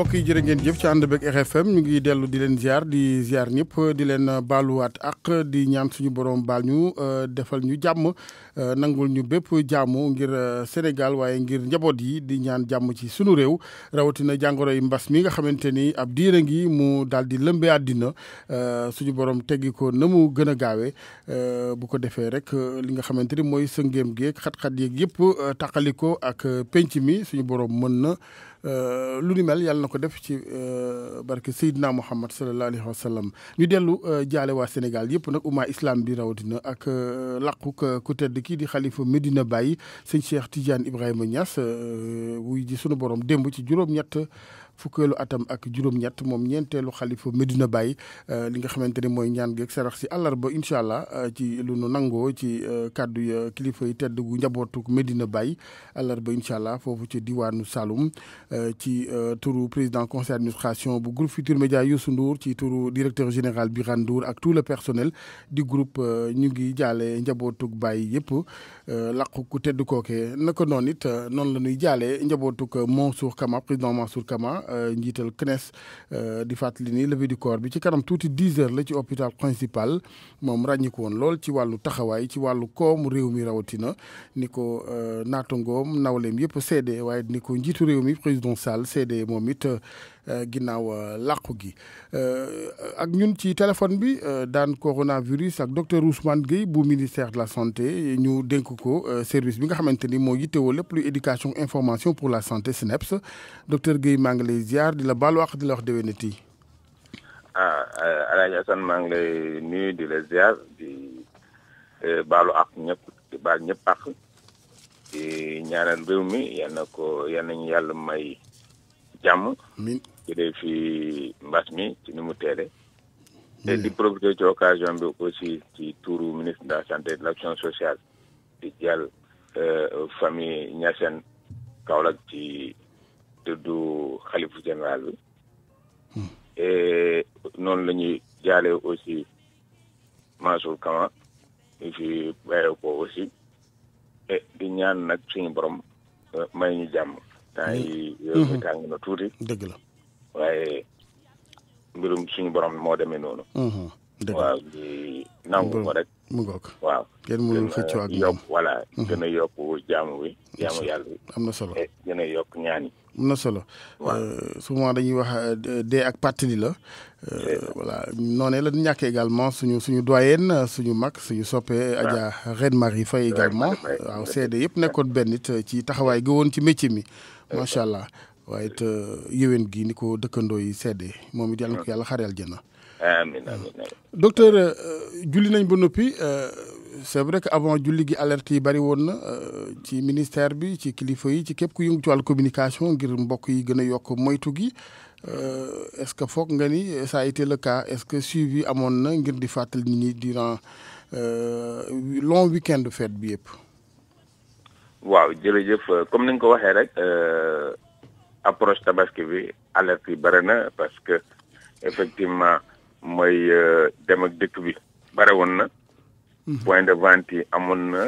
bokk yi jërë ngeen jëf ci ànd beeg RFM ñu ngi dellu di leen ziar di ziar ñëpp di leen baaluwaat ak di ñaan suñu borom baal ñu euh, defal ñu jàmm euh, nangul ñu bépp jàmm ngir euh, Sénégal waaye ngir njaboot yi di ñaan jàmm ci sunu réew rawatina jàngoro yi mbas mi nga xamante ni ab diir a ngi mu daal di lëmbee àddina suñu borom teggi ko namu mu gën a gaawee bu ko defee rek li nga xamante ni mooy sëngéem geeg xat-xat yeeg yëpp taqali ko ak penc mi suñu borom mën na. Euh, lu ni mel yàlla na ko def ci euh, barke Seydina Muhammad sallallahu alayhi wa sallam ñu dellu euh, jaale waa Sénégal yëpp nag umma islam bi rawatina ak làqu ku tedd kii di xalifa Medina bàyyi sëñ Cheikh Tidiane Ibrahima Niass wuy ji sunu borom démb ci juróom-ñett. fukkeelu atam ak juróom-ñett moom ñeenteelu xalifa Medina Baye euh, li nga xamante ne mooy ñaan geeg sarax si àllarba incha allah euh, ci lu nu nangoo ci euh, kàddu ya kilifa yi tedd gu njabootu Medina Baye àllarba incha allah foofu ci diwaanu Saloum ci turu président conseil d'administration bu groupe Futur Média Youssou Ndour ci turu directeur général Birane Ndour ak tout le personnel di groupe ñu ngi jaale njabootu Baye yëpp. Euh, làqu ku tedd kookee naka noonu it euh, noonu la ñuy jaalee njabootuk euh, Mansour Kama président Mansour Kama njiital CNES di fàttali ni levée du corps bi ci kanam tuuti 10 heures la ci hôpital principal moom ràññiku woon lool ci wàllu taxawaay ci wàllu koomu réew mi rawatina ni ko naatangoom nawleem yëpp seede waaye ni ko njiitu réew mi président Sall seede moom it euh, ginnaaw euh, làqu gi euh, ak ñun ci téléphone bi daan coronavirus ak docteur Ousmane Gueye bu ministère de la santé ñu dénk ko service bi nga xamante ni moo yittewoo lépp luy éducation information pour la santé SNEIPS docteur Gueye maa ngi lay ziar di la baal wax di la wax déwénati ah Alaaji Assane maa ngi lay nuyu di la ziar di baalu ak ñëpp di baal ñëpp ak di ñaanal réew mi yal ko yal nañu yàlla may jàmm ci fi mbas mi ci ni mu teele mm. di profité ci occasion bi aussi ci touru ministre de la santé et de l'action sociale di jàll euh, famille Niassène Kaolack ci tuddu xalifu général bi mm. et noonu la ñuy aussi Mansour Kama di fi bàyyi ko aussi et di ñaan nak suñu borom euh, may ñu jàmm Mhm. tuuti. dëgg la waaye mbirum suñu borom moo demee noonu. Mhm. dëgg waaw di nangu ko mu ngoog waaw. kenn mënul xëccoo ak mhm. gën a yokk jaamu yàlla bi. am na solo eh, gën a na solo. Euh, souvent dañuy wax euh, dee ak pàttali la. Euh, voilà noonee la ñàkk également suñu suñu doyen suñu mag suñu soppe. waaw Adja Reine Marie Faye également. waaw seede yëpp nekkoon benn nit ci taxawaay gi ci métier mi. macha allah waaye it uh, yéwén gi niko ko dëkkandoo yi seddee moom it yàlla na ko yàlla xareel jëna amiin uh, docteur uh, julli nañ bu nopi c'est vrai que avant julli gi alerte yi bari woon na ci ministère bi ci kilifa yi ci kep ku yëngu ci communication ngir mbokk yi gën yok moytu gi est-ce que foog nga ni ça a été le cas est-ce que suivi amoon na ngir di fàttali nit ñi durant long week-end fête bi yëpp. waaw jërëjëf comme ni ko waxee rek euh, approche tabaski bi alerte yi bëri na parce que effectivement mooy euh, dem ak dëkk bi bare woon na. Mhm. point de vente yi amoon na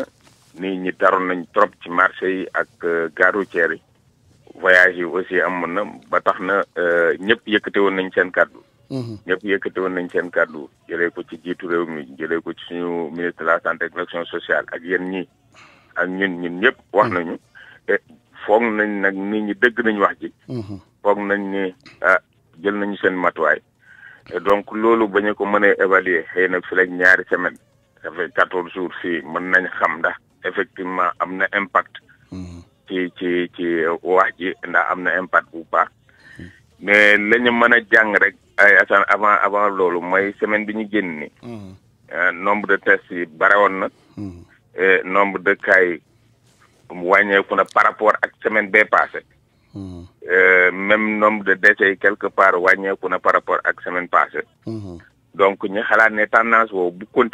ni ñi taroon nañ trop ci marché yi ak euh, gare routière yi voyage yi aussi amoon na ba tax na ñëpp yëkkate woon nañ seen kàddu. Mhm. ñëpp yëkkate woon nañ seen kàddu jëlee ko ci jiitu réew mi jëlee ko ci suñu ministre la santé et sociale ak yéen ñii. ak ñun ñun ñëpp wax mm. nañu te foog nañ nag nit ñi dëgg nañ wax ji mm-hmm. foog nañ ne ah jël nañu seen matuwaay donc loolu ba ñu ko mën évaluer xëy na fi la ñaari semaine ça fait quatorze jours si mën nañ xam ndax effectivement am na impact mm-hmm. ci ci ci wax ji ndax am na impact bu pas mm. mais la ñu mën a jàng rek ay asan avant avant loolu may semaine bi ñu génn ni mm-hmm. euh, nombre de tests yi bare woon na Eh, nombre de cas yi mu wàññeeku na par rapport ak semaine bee passée. Hmm. Eh, même nombre de décès yi quelque wàññeeku na par rapport ak semaine passée. Hmm. donc ñu xalaat ne tendance boobu bu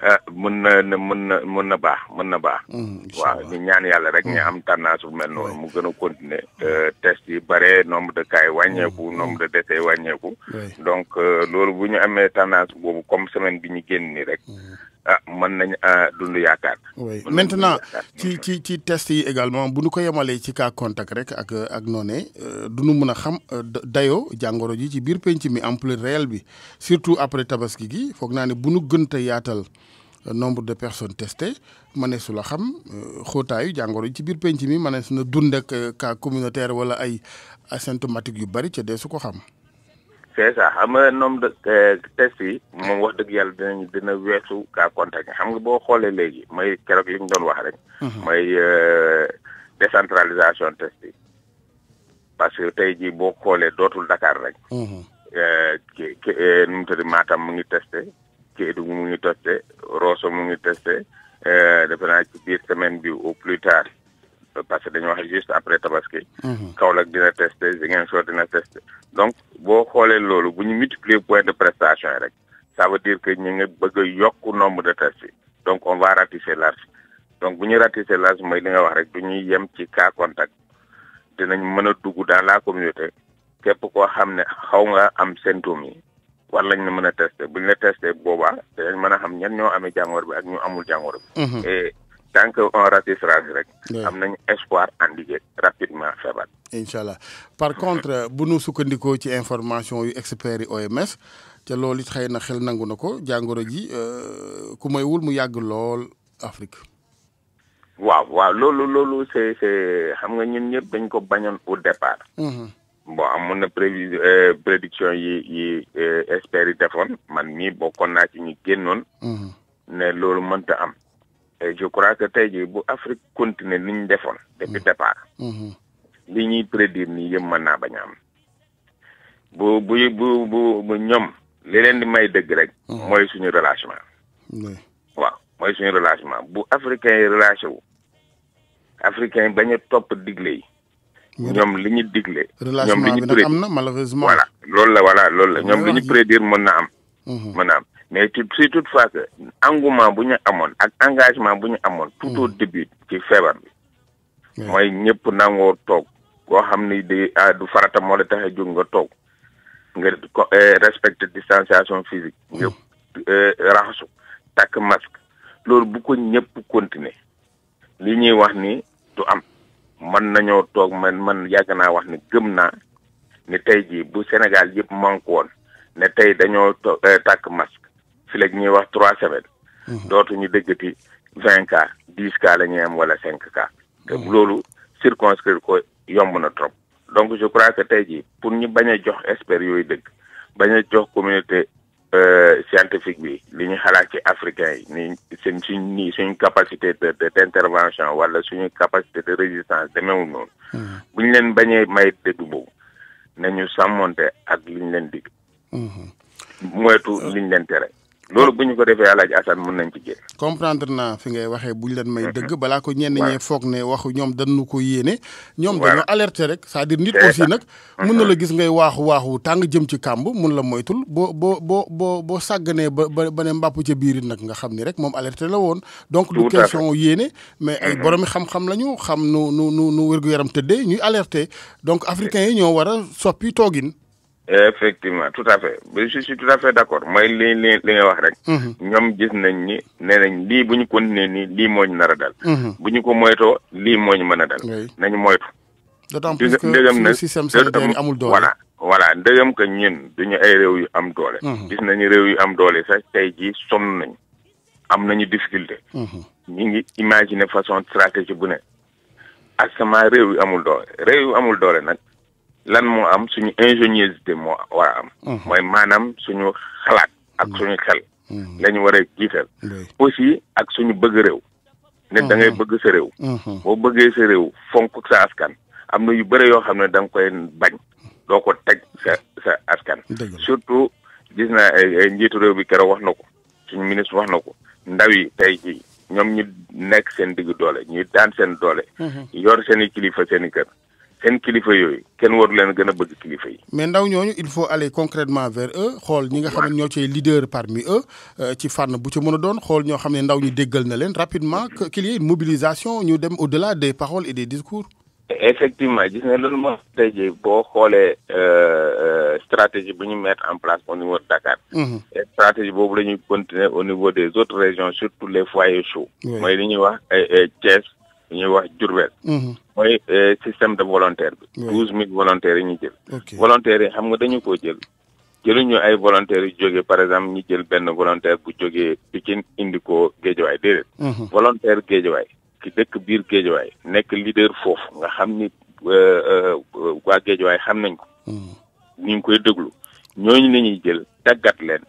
ah, mën na mën na mën na baax mën na baax. Hmm, waaw ñu ñaan yàlla rek ñu am tendance bu mel noonu mu gën a continuer. Eh, test yi bare nombre de cas yi wàññeeku nombre de décès yi wàññeeku. donc loolu bu ñu amee tendance boobu comme semaine bi ñu génn nii rek. Ah, man nañ ah, dund yaakaar. oui maintenant ci ci ci test yi également bu ñu ko yemalee ci cas contact rek ak ak noonee euh, du ñu mën a xam euh, dayo jangoro ji ci biir penc mi ample réel bi surtout après tabaski gi foog naa ne bu a yaatal euh, nombre de personnes testées mëneesu la xam xotaayu jangoro ci biir penc mi mënees na dund ak cas communautaire wala ay asymptomatiques yu bari ca dee su ko xam. c'est ça xam nga nombre test yi. moom wax dëgg yàlla dinañ dina weesu cas contact xam nga boo xoolee léegi may keroog li ñu doon wax rek. Mhm. mooy euh, décentralisation test yi parce que tey jii boo xoolee dootul Dakar rek. ki mhm. euh, ki euh, nu mu mu ngi teste Kédougou mu ngi testé Rosso mu ngi teste defe naa ci biir semaine bi au plus tard. parce que dañoo wax juste après tabaski. Mhm. kaolak dina testé Ziguinchor dina testé. donc bo xolé lolu buñu multiplier point de prestation rek ça veut dire que ñu ngi bëgg a yokk nombre de tests donc on va ratisser large donc buñu ratisser large moy li nga wax rek du yem ci cas contact dinañ mëna a dugg dans la communauté képp koo xam ne xaw nga am symptômes yi war lañ la testé bu ñu la testé boba dinañ mëna xam ñan ñoo amé jangor bi ak ñu amul jangor bi. Mhm tant qu'on ratissera rek am nañu espoir endiguer rapidement feebar inshallah par contre euh, bu nu sukkandikoo ci information yu expert OMS te loolu it xëy na xel nangu na ko jàngoro ji euh, ku may wul mu yàgg lool Afrique waaw waaw loolu loolu c'est c'est xam nga ñun ñëpp dañ ko bañoon au départ mhm. bon amoon na prévision euh, prédiction yi yi experts yi defoon man mii bokkoon naa ci ñu génnoon mhm. ne loolu mënta am et je crois que tey jii bu Afrique continuer ni ñu defoon. depuis mm. départ. Mm-hmm. li ñuy prédire man yëpp mën naa bañ a am. bu bu bu bu ñoom li leen may dëgg rek. Mm-hmm. mooy suñu relâchement. waaw mooy suñu relâchement bu africain yi wu. africain bañ a topp digle yi. li ñu digle. ñoom li ñu prédire relâchement bi nag loolu la voilà loolu la ñoom li ñu prédire mën na am. Mm-hmm. mais ci si toutefois que engouement bu ñu amoon ak engagement bu ñu amoon. tout au hmm. début ci feebar bi. mooy ñëpp nangoo toog koo xam ni di ah, du farata moo la tax a jóg nga toog nga eh, respecté distanciation physique. nga hmm. eh, raxasu takk masque. loolu bu ko ñëpp continuer li ñuy wax ni du am man nañoo toog man man yàgg naa wax ni gëm naa ni tey jii bu Sénégal yëpp manqué woon ne tey dañoo eh, takk masque. fi léegi ñuy wax trois semaines. Mhm. dootuñu dëggati vingt cas dix cas la ñuy am wala cinq cas. te mhm. loolu circonscrire ko yomb na trop. donc je crois que tey jii pour ñu bañ jox experts yooyu dëgg bañ a jox communauté euh, scientifique bi li ñu xalaat ci africain yi ni seen si nii suñ capacité de d' intervention wala suñu capacité de résistance demeewul noonu. Mhm. bu ñu leen bañee may dëgg boobu nañu sàmmonte ak li ñu leen dig. moytu li ñu leen tere. loolu bu ñu ko defee El Hadj Assane mun nañ ci génn. comprendre naa fi ngay waxe bu leen may mhm. dëgg. bala ko ñenn ñee foog ne waxu ñoom dan dañu ko yéene. ñoom dañoo rek c'est-à-dire nit nag. Mhm. mun na la gis ngay waaxu waaxu tàng jëm ci kàmb mun la moytul boo boo boo boo boo sàgganee ba ba ba ne mbàpp ca biir nag nga xam ni rek moom alerter la woon. donc du question yéene. mais ay mhm. boromi xam-xam la ñu xam nu nu nu nu wér-gu-yaram tëddee ñuy alerter donc africains yi ñoo war a soppi toogin. effectivement tout à fait je suis tout à fait d' accord mooy li li li nga wax rek. Mhm. ñom gis nañ ni nee nañ lii bu ñu continuer nii lii moo ñu nar dal. Mhm. bu ñu ko moytoo lii moo ñu mën a dal. nañ moytu. d' autant plus que système sanitaire yi amul doole voilà voilà ndegam que ñun ay réew yu am doole. Mhm. gis nañu réew yu am doole sax tey jii sonn nañ am nañu difficulté. ñu ngi imaginer façon stratégie bu ne ak sama réew yu amul doole réew yu amul doole nag. lan moo am suñu ingéniosité moo war a am. Mhm. mooy maanaam suñu xalaat ak mhm. suñu xel. Mhm. la ñu war a jiital. aussi ak suñu bëgg réew. ne da bëgg sa réew. boo bëggee sa réew fonk sa askan. am na yu bëre yoo xam ne danga koy bañ. doo ko teg sa sa askan. surtout gis na eh, eh, njiitu réew bi kero wax na ko suñu ministre wax na ko ndaw yi tey ji ñoom ñu nekk seen digg doole ñuy daan seen doole. yor seen kilifa seen kër. seen kilifa yooyu kenn waru leen gën a bëgg kilifa yi. mais ndaw il faut aller concrètement vers eux xool ñi nga xam ne ñoo leader parmi eux euh, ci fànn bu ci mën a doon xool ñoo xam ndaw ñi déggal na rapidement qu'il y ait une mobilisation ñu dem au-delà des paroles et des discours. effectivement gis ne loolu moo tey jii boo xoolee euh, euh, stratégie bu ñu mettre en place au niveau de Dakar. Mhm. stratégie boobu la ñuy continuer au niveau des autres régions surtout les foyers chauds. mooy li ñuy wax Thiès li ñuy wax Diourbel. Mhm. mooy euh, système de volontaire bi. douze mille volontaires yi ñu jël. volontaires yi xam nga dañu ko jël. jëluñu ay volontaires yu jógee par exemple ñu jël benn volontaire bu jógee Pikine indi ko géejawaay déedéet. Mhm. volontaire géejawaay ki dëkk biir géejawaay nekk leader foofu nga xam ni euh, euh, waa géejawaay xam nañ ko. Mhm. ñu ngi koy déglu ñooñu la jël tàggat leen.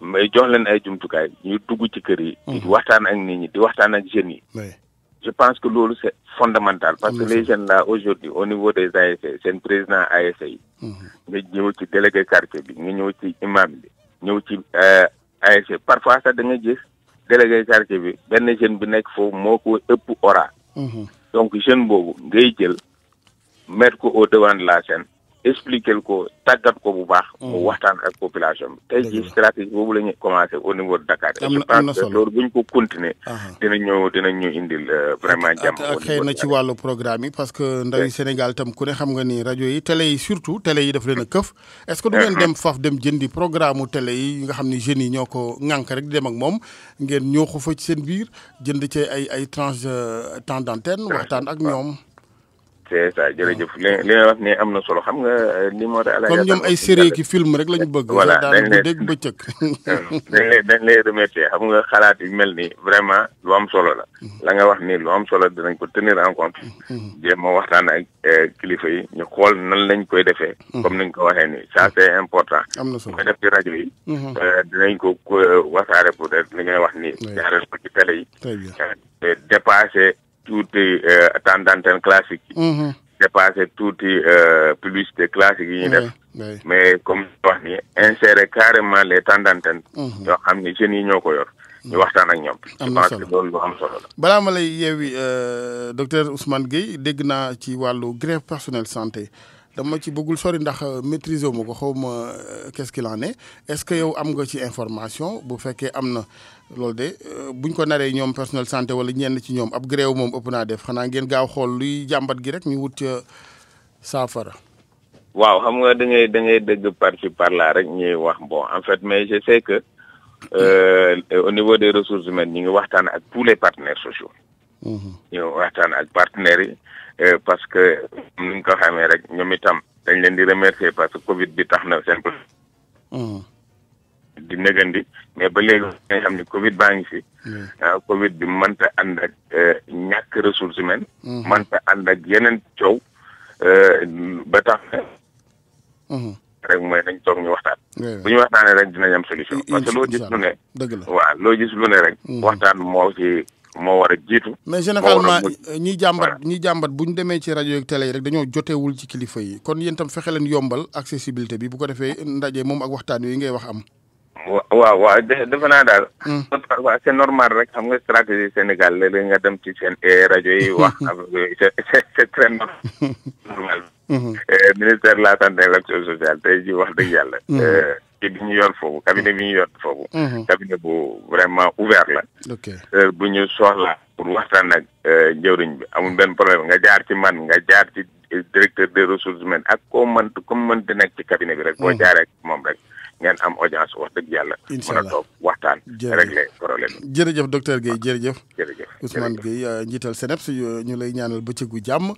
may jox leen ay jumtukaay ñu dugg ci kër yi. Mhm. waxtaan ak nit ñi di waxtaan ak jeunes yi. je pense que l'eau, c'est fondamental parce que les jeunes là aujourd'hui au niveau des c'est un président ASC e yi mhm. nga ñëw ci délégué quartier bi nga ñëw ci imam bi ñëw ci euh, ASC e. parfois ça da nga gis délégué quartier bi ben, jeune bi nekk foofu moo ko ëpp mhm. donc jeune boobu ngay jël mettre ko au devant de la scène expliquer ko tàggat ko bu baax. Mm. mu waxtaan ak population bi. tey jii stratégie boobu la ñu commencé au niveau de Dakar. am na am na solo loolu bu ñu ko continuer. dina ñëw dina ñu indil euh, vraiment. jàmm ak xëy na ci wàllu programme yi parce que ndaw Sénégal tam ku ne xam nga ni rajo yi télé yi surtout télé yi daf leen na këf. est-ce que du ngeen dem faf dem jëndi programme mu télé yi nga xam ni jeunes yi ñoo ko ŋànk rek di dem moom ngeen ñoo ko fa ci seen biir jënd ci ay ay tranche temps d'antenne waxtaan ak ñoom. c'est ça jërëjëf ah. li li nga wax ne am na solo xam nga ni euh, moo tax. comme ñoom ay série ki film rek lañu bëgg. voilà dañ leen dégg bëccëg. dañ leen dañ leen xam nga xalaat yu mel ni vraiment lu am solo la. Mm-hmm. la nga wax ni lu am solo dinañ ko tenir en compte. Mm-hmm. jéem a waxtaan ak euh, kilifa yi ñu xool nan lañ koy defee. Mm-hmm. comme nañ ko waxee nii sa c'est important. am na def ci rajo yi. Euh, dinañ ko wasaare pour li ngay wax ni jaarale ko ci télé yi. très bien tuuti eh, temps d'antenne classique yi mm-hmm. dépassé tuuti eh, publicité classique yi ñu def mais comme wax ni insérer carrément les temps d'antenne mm-hmm. yoo xam ni jeunes yi ñoo ko waxtaan ak ñoom am ma lay yeewi eh, docteur Ousmane Gueye dégg naa ci wàllu grève personnel santé dama ci bëggul sori ndax euh, maîtriser wu ma ko xaw euh, qu'est-ce qu'il en est est-ce que yow am nga ci information bu fekkee am na loolu de euh, buñ ko naree ñoom personnel santé wala ñenn ci ñoom ab grève moom ëpp naa def xanaa ngeen gaaw xool luy jàmbat gi rek ñu wut ca saafara. waaw xam nga da ngay da ngay dëgg par ci par là rek ñuy wax bon en fait mais je sais que au niveau des ressources humaines ñu ngi waxtaan ak tous les partenaires sociaux. Mmh. ñu waxtaan ak partenaires yi. Eh, parce que ni ñu ko xamee rek ñoom dañ leen di remercier parce que Covid bi tax na seen. Hmm. di négandi mais ba léegi nga xam ne Covid baa ngi fi. Hmm. Ah, Covid bi mënta ànd ak eh, ñàkk ressources humaines. Hmm. mënta ànd ak yeneen coow eh, ba tax. rek mooy dañ toog ñu waxtaan. bu ñu waxtaanee rek dina am solution. parce que loo gis lu ne. dëgg la waaw lu ne rek. waxtaan moo ci. moo war a jiitu. mais généralement euh, ñi jàmbat ñi jàmbat bu ñu demee ci rajo ak télé yi rek dañoo jotewul ci kilifa yi kon yéen tam fexe leen yombal accessibilité bi bu ko defee ndaje moom ak waxtaan wi ngay wax am. waaw waaw defe naa daal. Hmm. c' est normal rek xam nga stratégie Sénégal léeg nga dem ci seen eh, rajo yi wax c' est c' est très hmm. Hmm. Eh, ministère la santé et sociale tey jii wax dëgg yàlla. Eh, te bi ñu yor foofu cabinet bi ñu yor foofu. Mm-hmm. Mm-hmm. cabinet bu vraiment ouvert la. Euh, bu ñu soxla pour waxtaan ak euh, jëwriñ bi amul benn problème nga jaar ci man nga jaar ci directeur de ressources humaines ak ko mënt comme mënti nekk ci cabinet bi rek. boo mm-hmm. jaaree ak moom rek. ngeen am audience wax dëgg yàlla. incha waxtaan. réglé problème bi jërëjëf docteur Guèye jërëjëf. jërëjëf Ousmane Guèye euh, njiital CNEPS euh, ñu lay ñaanal bëccëgu jàmm.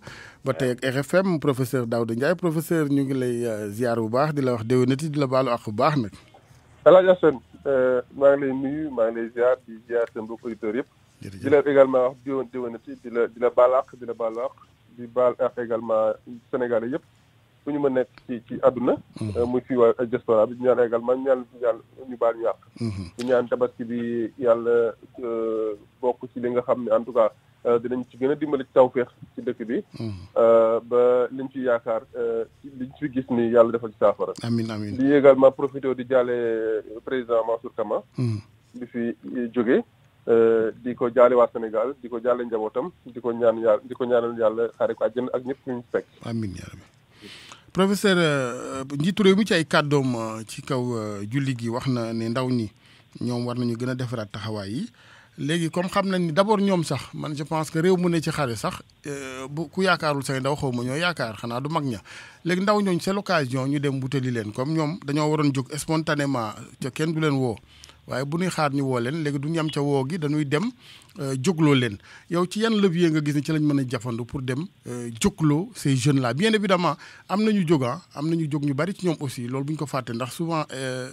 ba tey ak RFM professeur Daouda Ndiaye professeur ñu ngi lay euh, ziar bu baax di la wax déwénati di la baalu ak bu baax nag. El Hadj Assane maa ngi lay nuyu maa ngi lay ziar di ziar seen mbokki auditeurs yëpp. jërëjëf di la également wax di la di baal ak di la baalu ak di baal ak également Sénégalais yëpp fu ñu mën nekk ci ci àdduna mhm. euh, muy fii waa euh, diaspora bi ñaan également ñaan ñaan ñu baal ñu yàq ñu mhm. ñaan tabaski bi yàlla euh, bokk ci li nga xam ne en tout cas dinañ ci gën a dimbali ci ci dëkk bi mhm. ba liñ ci yaakaar liñ ci gis ni yàlla defal ci saafara amin amin di également profité di jaale président Mansour Kama bi fi jógee di ko jaale waa Sénégal di ko jaale njabootam di ko ñaan yàlla di ko ñaanal yàlla xaare ko àjjana ak ñëpp ñu fekk amin yaa professeur euh, njiitu réew mi ci ay kàddoom euh, ci kaw euh, julli gi wax na ne ndaw ñi ñoom war nañu gën a defaraat taxawaay yi léegi comme xam nañ ni d' abord ñoom sax man je pense que réew mu ne ci xare sax bu ku yaakaarul say ndaw xaw ma ñoo yaakaar xanaa du mag ña léegi ndaw ñooñ c'est l'occasion ñu dem wutali leen comme ñoom dañoo waroon jóg spontanément ca kenn du leen woo waaye bu ñuy xaar ñu woo leen léegi du ñu am ca woo gi dañuy dem euh, jógloo leen yow ci yan levier nga gis ne ci lañ mën a jafandu pour dem euh, jógloo ces jeunes là bien évidemment am na ñu jóg ah, am na ñu jóg ñu bari ci ñoom aussi loolu buñ ko fàtte ndax souvent euh,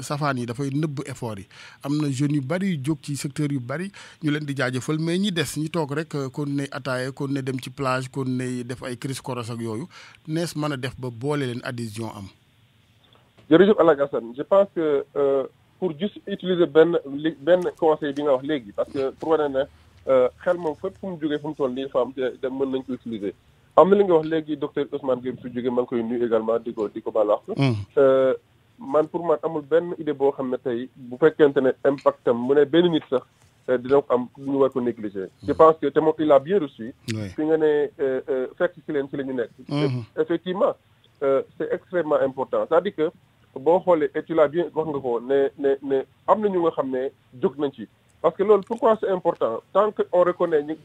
safaan yi dafay nëbb effort yi am na jeunes yu bari yu jóg ci secteur yu bari ñu leen di jaajëfal mais ñi des ñi toog rek kon ne ataaye kon ne dem ci plage kon ne def ay crise koros ak yooyu nees mën a def ba boole leen adhésion am. jërëjëf El Hadj je pense que pour juste utiliser ben ben conseil bi nga wax léegi parce que pour wane ne euh, xel moom fepp fu mu jógee fu mu toll nii dafa am te nañ ko utiliser am na li nga wax léegi docteur Ousmane Gueye su jógee man koy nuyu également diko diko balax mm. euh man pour man amul ben idée bo xamné tay bu fekkente ne impactam am mu ne benn nit sax euh, dina ko am ñu war ko négliger mm. je pense que te il a bien reçu fi nga né euh, euh fekk ci leen ci la ñu nekk mm-hmm. effectivement euh c'est extrêmement important c'est-à-dire que boo xoolee et tu l'as bien wax nga ko ne ne ne am na ñu nga xam ne jóg nañ ci parce que loolu pourquoi c'est important tant que on reconnaît ñu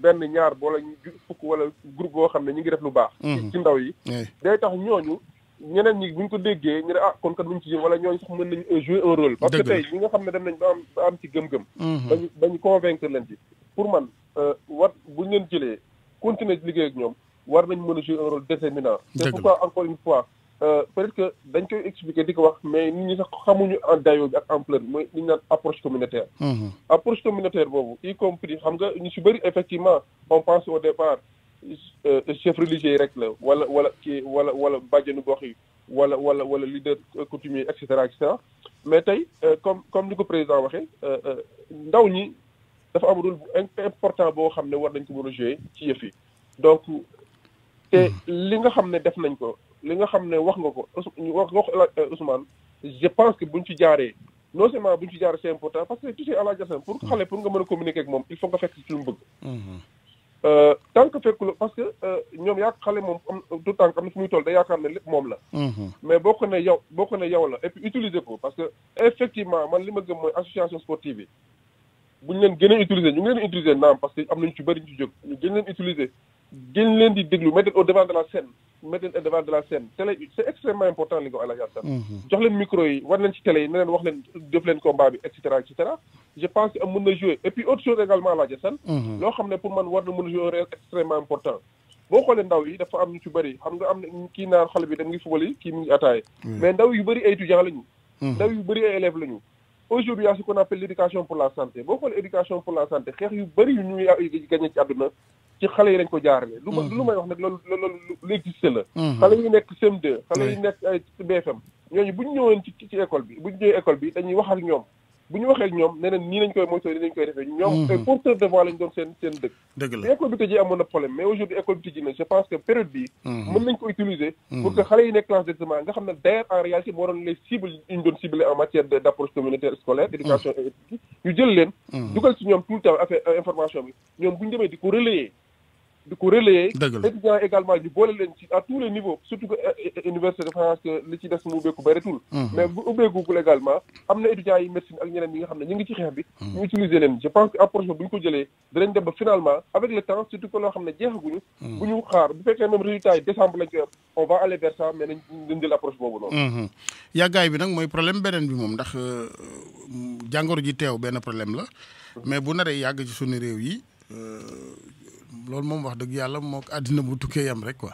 benn ñaar wala ñu fukk wala groupe boo xam ne ñu ngi def lu baax mm-hmm. ci ndaw yi day tax ñooñu ñeneen ñi bu ñu ko déggee ñu ne ah kon kat buñ ci wala ñooñu sax mën nañu jouer un rôle parce que tey ñi nga xam ne dem nañ ba am ba am ci gëm-gëm mm-hmm. bañu bañu convaincre leen ci pour man euh, war buñ leen jëlee continuer liggéey ak ñoom war nañ mën a jouer un rôle déterminant c'est pourquoi encore une fois euh, peut-être que dañ koy expliquer di ko wax mais nit ñi sax xamuñu en dayoo bi ak ampleur bi mooy li ñu approche communautaire. Mhm. approche communautaire boobu y compris xam nga ñu si bëri effectivement on pense au départ euh, chef religieux rek la wala wala kii wala wala bàjjenu gox yi wala wala wala leader coutumier et cetera et cetera mais tey euh, comme comme ni ko président waxee ndaw ñi dafa am rôle bu important boo xam ne war nañ ko mën a jouer ci yëf yi donc te mhm. li nga xam ne def nañ ko li nga xam ne wax nga ko wax nga ko eh, Ousmane je pense que buñ ci jaaree non seulement buñ ci jaaree c'est important parce que tu touché à la jasam pour xale pour nga mën a communiquer ak moom il faut nga fekk ci lu mu bëgg mm-hmm. euh, tant que fekkul parce que euh, ñoom yaa xale moom am tout temps am na fu muy toll da yaakaar ne lépp moom la mm-hmm. mais boo ko ne yow boo ko ne yow la et puis utiliser ko parce que effectivement man li ma gëm mooy association sportive yi buñ leen gën a utiliser ñu ngi leen utiliser naam parce que am nañ ci bëri ci jóg ñu gën leen utiliser gën leen di déglu mettre au devant de la scène mettre au devant de la scène télé c'est extrêmement important li ko El Hadj jox leen micro yi war leen ci télé yi ne leen wax leen def leen combat bi et cetera et cetera je pense que am mën na jouer et puis autre chose également El Hadj Assane mhm. loo xam ne pour man war na mën a jouer rôle extrêmement important boo xoolee ndaw yi dafa am ñu ci bëri xam nga am na kii naan xale bi dem ngi fubali kii mu ngi ataay mais ndaw yu bëri ay étudiants lañu mhm. ndaw yu bëri ay élèves lañu aujourd'hui il y a ce qu'on appelle l'éducation pour la santé boo xoolee éducation pour la santé xeex yu bëri yu ñuy gagné ci àdduna ci xale yi lañ ko jaarale lu ma mhm. lu may wax nag loolu loolu lu existé la mhm. xale yu nekk CM2 xale yu nekk ay BFM ñooñu bu ñu ñëwoon ci ci école bi bu ñu ñëwee école bi dañuy wax ak ñoom bu ñu waxee ñoom nee na nii lañ koy moytoo nii lañ koy defee ñoom mhm. ay porteur de voix lañ doon seen seen dëkk dëgg la école bi tëjee amoon na problème mais aujourd'hui école bi tëjee na je pense que période bii mhm. mën nañ ko utiliser mhm. pour que xale yi nekk classe d'examen nga xam ne d'ailleurs en réalité moo doon les cibles yu ñu doon ciblé en matière d' approche communautaire scolaire éducation et éthique ñu jël leen dugal ci ñoom tout le temps affaire euh, information bi ñoom bu ñu demee di ko relayer di ko relayer étudiants également ñu boole leen ci à tous les niveaux surtout que euh, euh, université de France que euh, li ci des mu ubbeeku bëreetul hum. mais bu ubbeekugul également amna na étudiants yi médecine ak ñeneen yi nga xam ne ñu ngi ci xéx bi hum. ñu utiliser leen je pense approche bu ko jëlee danañ dem ba finalement avec le temps surtout que lo xam jéxaguñu jeexaguñu hum. bu ñu xaar bu fekké même résultat yi décembre lañ koy on va aller vers ça mais nañ dañ jël bobu non ya yàggaay bi nak moy problème benen bi mom ndax jangoro ji teew ben problème la mais bu naree yag ci suñu réew yi loolu moom wax dëgg yàlla moo ko àddina bu tukkee yam rek quoi.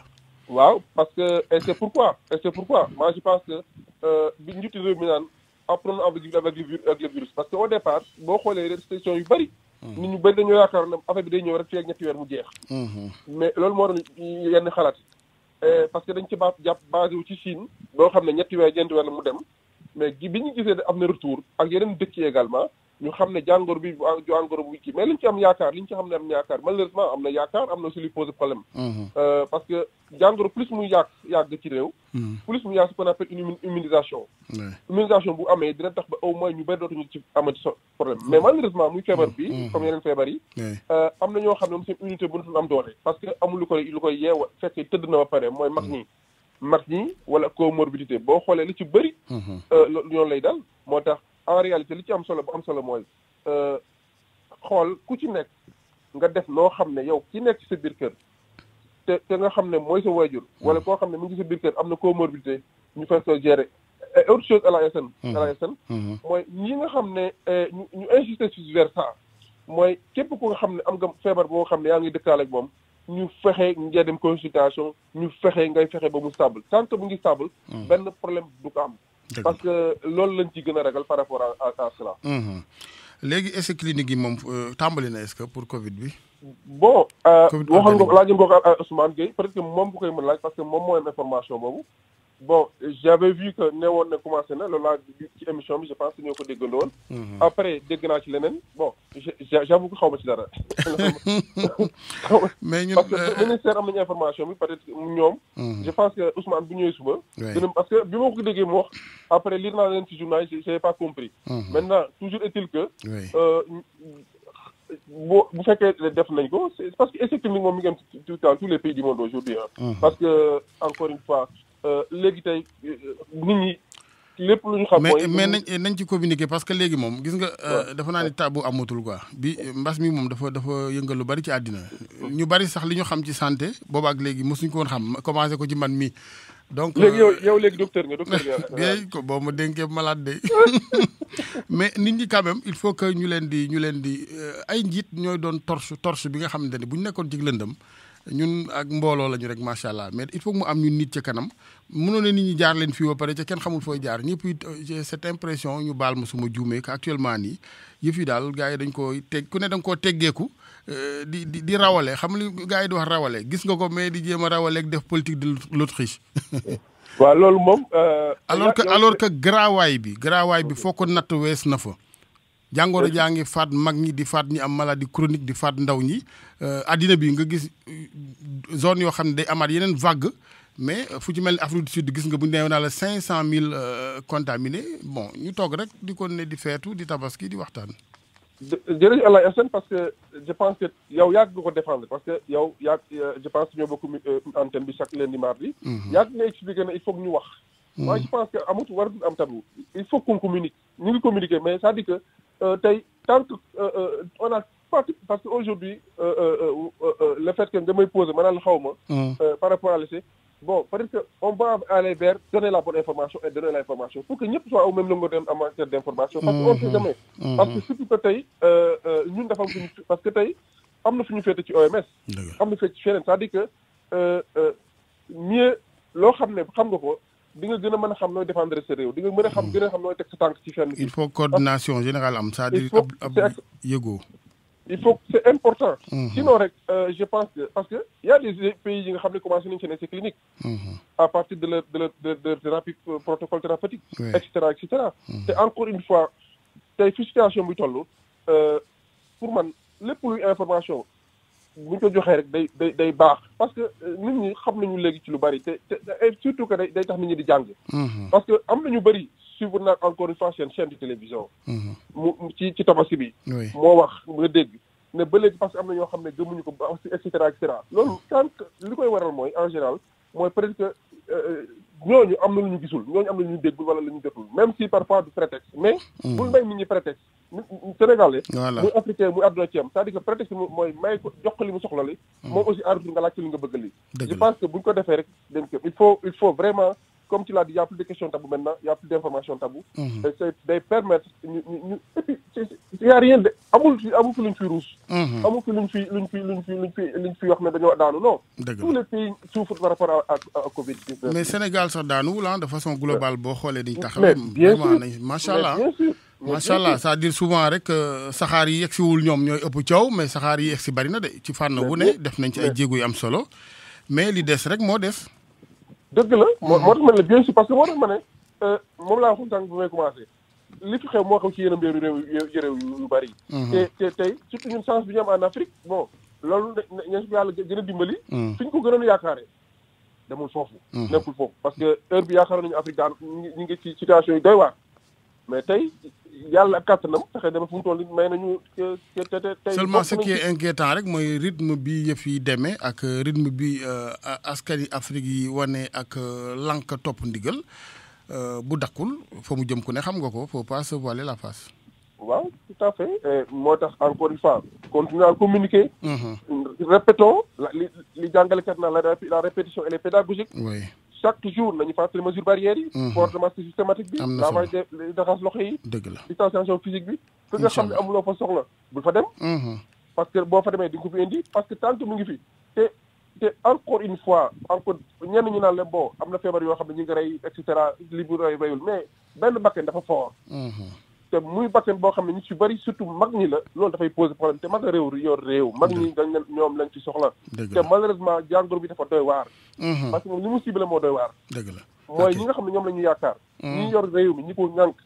waaw parce que et c'est pourquoi et c'est pourquoi moi je pense que euh, bi njiitu réew mi naan apprendre avec avec le virus parce que au départ boo xoolee restriction yu bari. Hmm. nit ñu bëri dañoo yaakaar ne affaire bi day ñëw rek fii ak ñetti weer mu jeex. Hmm. mais loolu moo doon yenn xalaat parce que dañ ci ba jàpp basé wu ci Chine boo xam ne ñetti weer ñeenti weer la mu dem. mais bi ñu gisee am na retour ak yeneen dëkk yi ñu xam ne jàngoro bi jàngoro bu kii mais liñ ci am yaakaar ñu ci xam ne am yaakaar malheureusement am na yaakaar am na su li pose problème mhm. euh, parce que muy yàgg yàgg ci réew mhm. plus muy yàgg ce qu'on appelle une bu amee dina tax ba au moins ñu bëri dootuñu ci amati problème mais malheureusement muy feebar bi mhm. comme yeneen feebar yi euh, am na ñoo xam ne moom seen unité bu am doole parce que amul lu koy lu koy yeewa fekkee tëdd na ba pare mooy mag ñi mag ñi wala comorbidité boo xoolee li ci bëri. ñoom mhm. euh, lay dal moo tax en réalité li ci am solo bu am solo mooy euh, xool ku ci nekk nga def noo xam ne yow ki nekk ci sa biir kër te te nga xam ne mooy sa waajur. Mhm. wala koo xam ne mu ngi sa biir kër am na comorbidité ñu fay soo gérer. autre chose à la SN. à mooy ñi nga xam ne euh, ñu insister sur vers ça mooy képp ku nga xam ne am nga feebar boo xam ne yaa ngi dëkkaale ak moom. ñu fexe nga dem consultation ñu fexe ngay fexe ba mu stable tant que ngi stable. Hmm. benn problème du ko am. parce que loolu lañ ci gën a ragal par rapport à à hmm. léegi essai clinique yi moom euh, tàmbali na est-ce que pour Covid bi. bon. Euh, Covid waxoon nga laajoon nga ko euh, Ousmane Gueye peut que moom bu koy mën laaj parce que moom moo information boobu. bon j'avais vu que ne commençait na Le lac loolu laa je pense que ñoo ko des mhm. après dégg bon j'avoue que je ma ci dara. mais parce que euh, ministère peut-être mhm. je pense que Ousmane bu ñëwee suba. parce que du moment ko il après lire journal je j'ai pas compris. Mhm. maintenant toujours est-il que. Vous faites que def nañ c'est parce que c'est que que ngi am tout tout tous les pays du monde aujourd'hui hein. parce que encore une fois. Euh, léegi tey euh, nit ñi lépp lu ñu xam. mooy mais mais nañ ci communiquer parce que léegi moom gis nga. Euh, dafa naa ni tabu amatul quoi bi mbas mi moom dafa dafa yëngal lu bari ci àddina. ñu bari sax li ñu xam ci santé boobaak léegi mosuñ ko woon xam commencé ko ci man mi donc léegi yow léegi docteur nga docteur nga. ko boo ma dénkee malade de mais nit ñi quand même il faut que ñu leen di ñu leen di ay njiit ñooy doon torche torche bi nga xamante ne bu ñu nekkoon ci lëndëm ñun ak mbooloo lañu rek macha allah mais il faut mu am ñun nit ca kanam mënoon na nit ñi jaar leen fii ba pare ca kenn xamul fooy jaar ñëpp it euh, j'ai cette impression ñu baal ma suma juumee que actuellement nii yëf yi daal gaa yi dañ koo teg ku ne da nga koo teggeeku euh, di di di rawale xam li gars yi di wax rawale gis nga ko mais di jéem a rawale ak def politique de l'Autriche. waaw loolu moom. Euh, alors que alors que garaawaay bi garaawaay bi foo ko natt wees na fa. jàngoro jaa ngi faat mag ñi di faat ñi am maladie chronique di faat ndaw ñi euh, adina bi nga gis euh, zone yoo xam ne day amaat yeneen vague mais euh, fu ci mel ni Afrique du Sud gis nga bu ñu nee naa la cinq cent mille contaminés bon ñu toog rek di ko ne di feetu di tabaski di waxtaan. jërëjëf allah Hadj parce que je pense que yow yàgg nga ko défendre parce que yow yàgg je pense ñoo bokk antenne bi chaque lundi mardi. Mhm. yàgg nga expliqué ne il faut ñu wax moi hmm. je pense que mon tour am il faut qu'on communique ñu communiquons mais ça dit que euh, tant que euh, euh, on a parce qu'aujourd'hui, le fait que damay poser maanaam xaw hmm. par rapport à l'essai bon peut que on va aller vers donner la bonne information et donner l'information pour que ñëpp soit au même longueur en matière d'information parce que ne hmm. sait jamais parce que surtout que tey ñun dafa am suñu parce que tey am na fu ci OMS am na ci dire que mieux loo xam ne xam nga ko di nga gën a mën a xam nooy défendre sa réew di nga mën a xam hmm. gën a xam nooy teg sa tànk ci fenn. il faut coordination générale am ça à dire ab ab yëgoo. il faut c'est important. Hmm. sinon rek euh, je pense que parce que y a des pays yi nga xam ne commencé nañu seen essai clinique. Hmm. à partir de leur de leur de leur thérapie euh, protocole thérapeutique. et cetera et cetera. te encore une fois tey fi situation bi toll euh, pour man lépp luy information. bu ñu ko joxee rek day day baax parce que euh, nit ñi xam nañu léegi ci lu bari te te surtout que day day tax nit ñi di jàng. Mm-hmm. parce que am na ñu bari suivre nag encore une fois seen chaîne de télévision. Mm-hmm. mu ci ci tabaski bi. moo wax nga dégg. ne ba léegi parce que am na ñoo xam ne gëmuñu ko ba et cetera et cetera loolu tant li koy waral mooy en général mooy peut-être que euh, ñooñu am na lu ñu gisul ñooñu am na lu ñu déggul wala lu ñu même si parfois du prétexte mais hmm. bul may nit ñi prétexte sénégalais muy africain muy àdduna ci am c'est-à-dire que prétexte mooy may ko jox li mu soxla li hmm. moom aussi en nga laaj ci li nga bëgg li je pense que bu ñu ko defee rek dañ ko il faut il faut vraiment comme tu l'as dit il y a plus de questions tabou maintenant il y a plus d'informations tabou hmm. c'est day permettre ñu ñu et puis y a rien de amul fi amul fi luñ fi ruus. Mhm. amul fi luñ fi luñ fi luñ fi luñ fi luñ fi wax ne dañoo daanu non. dëgg tous les pays souffrent par rapport à à Covid. mais Sénégal sax daanuwul ah de façon globale bo, xoolee di taxawee. mais bien sûr macha allah macha allah c'est-à-dire souvent rek euh, saxaar yi yegg si wul ñom ñoy ëpp ciow mais saxaar yi yegg si bari na de ci fànn wu ne def nañ ci ay djégu yu am solo mais li dess rek mo des. deug la mo mhm. moo tax ma ne bien sûr parce que mo tax ma euh mom la waxoon sànq bu may commencé. li fi xew moo xam ci yeneen réew yu réew yu bëri mhm. te te tey surtout ñun chance bi ñu am en Afrique bon loolu ña yàlla gën a dimbali mhm. fi ñu ko gënoon yaakaare demul foofu mhm. nekkul foofu parce que heure bi yaakaar nañu Afrique daan ñu ngi ci situation yi doy waar mais tey yàlla ak kàttanam fexe dama fu mu toll may nañu te tey seulement ce qui rek mooy rythme bi yëf yi demee ak euh, rythme bi euh, askani Afrique yi wane ak euh, lànk topp ndigal Euh, bu dakul fa mu jëm ku ne xam nga ko faut pas se voiler la face. waaw tout à fait moo tax encore une fois continuer à communiquer. Mhm. répétons li li kat na la la répétition elle est pédagogique. oui chaque jour nañu les mesure barrières, yi. Mhm. port de masque systématique bi. am na solo lavage de raxas loxo yi. dëgg la distanciation physique bi. fi nga xam ne amuloo fa soxla bu fa dem. Mhm. parce que boo fa demee di nga ko fi indi parce que tant que mu ngi fi te. te encore une fois encore ñenn ñu naa leen bon am na feebar yoo xam ne ñu ngi rey et cetera li bu rey reyul mais benn bakkan dafa fort. Mhm. te muy bakkan boo xam ne ñu ci bëri surtout mag ñi la loolu dafay poser problème te mag réew yor réew mag ñi dañ ñoom lañ ci soxla te malheureusement jàngoro bi dafa doy waar mhm. parce que moom li mu ciblé moo doy waar dëgg la mooy ñi nga xam ne ñoom la ñu yaakaar ñi mhm. yor réew mi ñi ko ñànk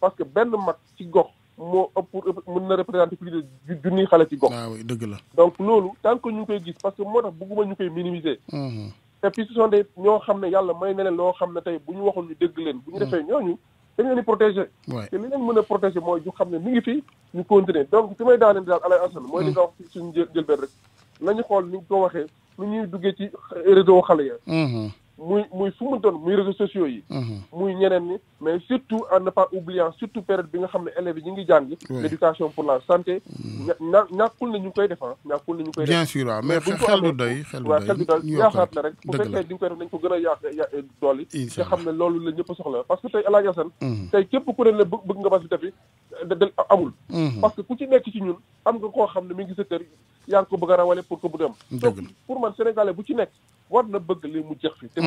parce que benn mag ci gox moo ëpp mën na représenter plus de junniy xale ci gox. waaw ah dëgg la donc loolu tant que ñu ngi koy gis parce que moo tax bëgguma ñu koy minimiser. Mm-hmm. te puis ce ñoo xam ne yàlla may na leen loo xam ne tey bu ñu waxul ñu dégg leen. bu ñu defee mm-hmm. ñooñu dañ leen di protéger. te li leen mën a protéger mooy ñu xam ne mi ngi fi ñu continuer donc su may daaneel daal alay asal mooy li wax ci suñu jël jëlbeen rek nañu xool ni ñu ko waxee nu ñuy duggee ci réseau xale ya mm-hmm. muy muy fu mu doon muy réseaux sociaux yi. Mhm. muy ñeneen ni mais surtout en ne pas oubliant surtout période bi nga xam ne élèves yi ñu ngi jàng. l'éducation pour la santé. Mhm. ña ñàkkul ñu koy defar ah. ñàkkul na ñu koy. bien sûr waaw mais xel rek bu fekkee di nga koy def nañ ko gën a yàq dool yi. te xam ne loolu la ñëpp soxla parce que tey El Hadj Assane mhm. tey képp ku ne la bëgg nga bas bi tafi da amul. parce que ku ci nekk ci ñun am nga koo xam ne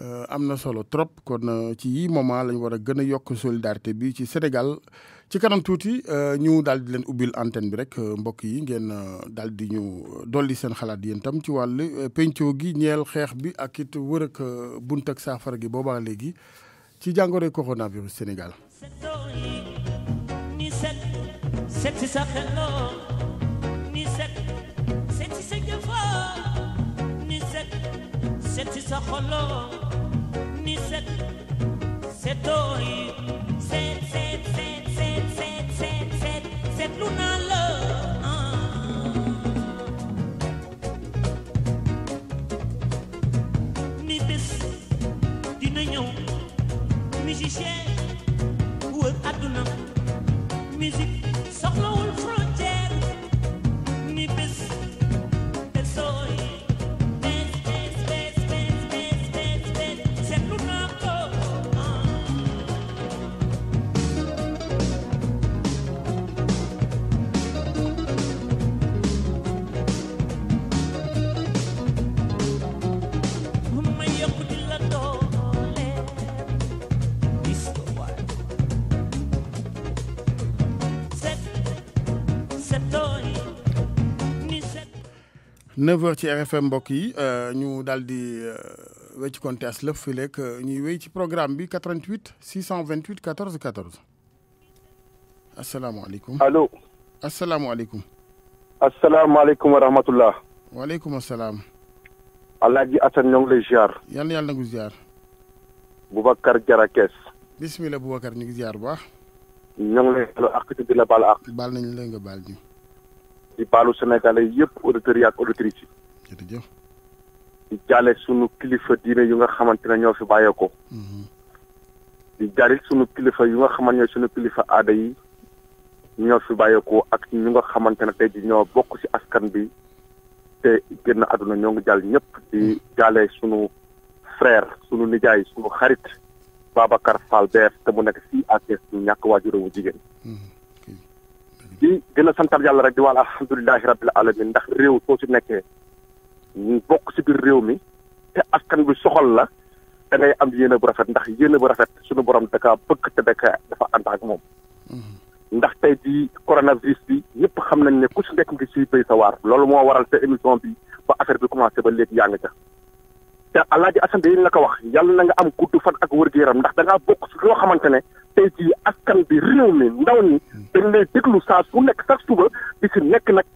Euh, am na solo trop kon euh, ci yii moment lañ war a gën a yokk solidarité bi ci Sénégal ci kanam tuuti euh, ñu daal di leen ubbil antenne bi rek mbokk yi ngeen daal di ñu dolli seen xalaat yéen tam ci wàllu penco gi ñeel xeex bi ak it wër ak bunt ak saafara gi boobaa léegi ci jàngoro coronavirus Sénégal. set set ci sa xolo ni set setoo yi 9h ci RFM mbokk yi euh, ñu daldi di euh, wecc konte as que euh, ñuy wéy ci programme bi 88 628 14 14 Assalamu Assalamu allo Assalamu alaykum wa rahmatullah Wa asalaam assalam. Assane ñoo ngi lay ziar Yann yalla na ziar Boubacar Jara bismillah Boubacar ñu ziar baax ñoo lay ci di la bal àq la nga bal di baalu senegal yep auditeur yi auditeur ci yi. di sunu kilifa diine yu nga xamante ne ñoo fi ko mhm. di jaarit sunu kilifa yu nga xamante ñoo sunu kilifa aada yi ñoo fi ko ak ñu nga xamante ne ji ñoo bokk ci askan bi te génn aduna ñoo ngi jall ñëpp di jaale sunu frère sunu nijaay sunu xarit babakar Fall te mu nekk fii ak di gën a santar yàlla rek di wàll alhamdulilahi rabbil alamin ndax réew soo si nekkee bokk si biir réew mi te askan bi soxal la da am yéene bu rafet ndax yéene bu rafet suñu borom daka bëgg te daka dafa ànd ak moom mm-hmm. ndax tey jii coronavirus bi ñëpp xam nañ ne ku si nekk ngi siy béy sa waar loolu moo waral te émission bi ba affaire bi commencé ba léegi yaa nga ca te alaaji asan de yéen la ko wax yàlla na nga am gudd fan ak wërgu yaram ndax da ngaa bokk si loo xamante ne tey jii askan bi réew mi ndaw ñi dañ lay saa su nekk sax suba di si nekk nag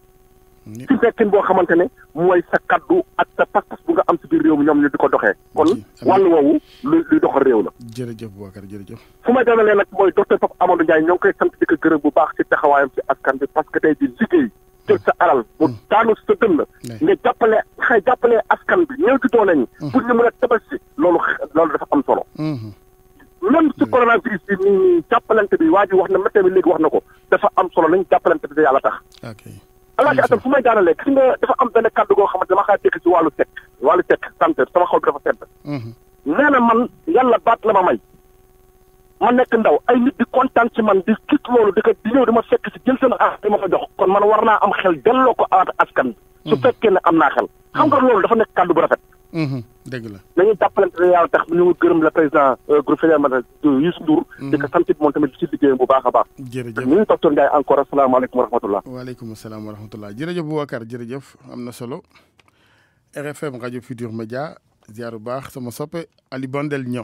si mm. nekkin boo xamante ne mooy sa kaddu ak sa pas-pas bu nga am si biir réew mi ñoom ñu di ko doxee kon wàll woowu lu luy doxal réew la jërëjëf Boubacar jërëjëf fu may danalee nag mooy docteur Pape Amadou Ndiaye ñoo ngi koy sant di ko gërëm bu baax si taxawaayam si askan bi parce que tey jii liggéey jël sa alal mu daanu sa dënn nga jàppale nga jàppale askan bi néew ci doole ñi pour ñu mën a tabaski loolu loolu dafa am solo même si coronavirus bi nii jàppalante bi waa ji wax na météo bi léegi wax na ko dafa am solo nañ jàppalante bi da yàlla tax alaaji atam fu may daanalee gis nga dafa am benn kàddu goo xamante dama xaa dégg si wàllu tekk wàllu tekk santé sama xol bi dafa sedd nee na man yàlla baat la ma may ma nekk ndaw ay nit di kontaan ci man di gis loolu di ko ma fekk si jël seen ma ko jox kon am xel delloo ko aat askan su mm-hmm. fekkee ne am naa xel xam nga mm-hmm. loolu dafa nekk kàddu bu rafet mm-hmm. dëgg la nañu jàppalante yàlla tax ñu ngi gërëm la président euh, groupe fédéral euh, Youssou Ndour di ko sant moom tamit ci liggéeyam bu baax a baax jërëjëf ñu ngi docteur Ndiaye encore asalaamaaleykum wa rahmatullah waaleykum asalaam wa rahmatullah jërëjëf Boubacar jërëjëf am na solo RFM rajo Futur Média ziar bu baax sama soppe Ali Bandel ñoo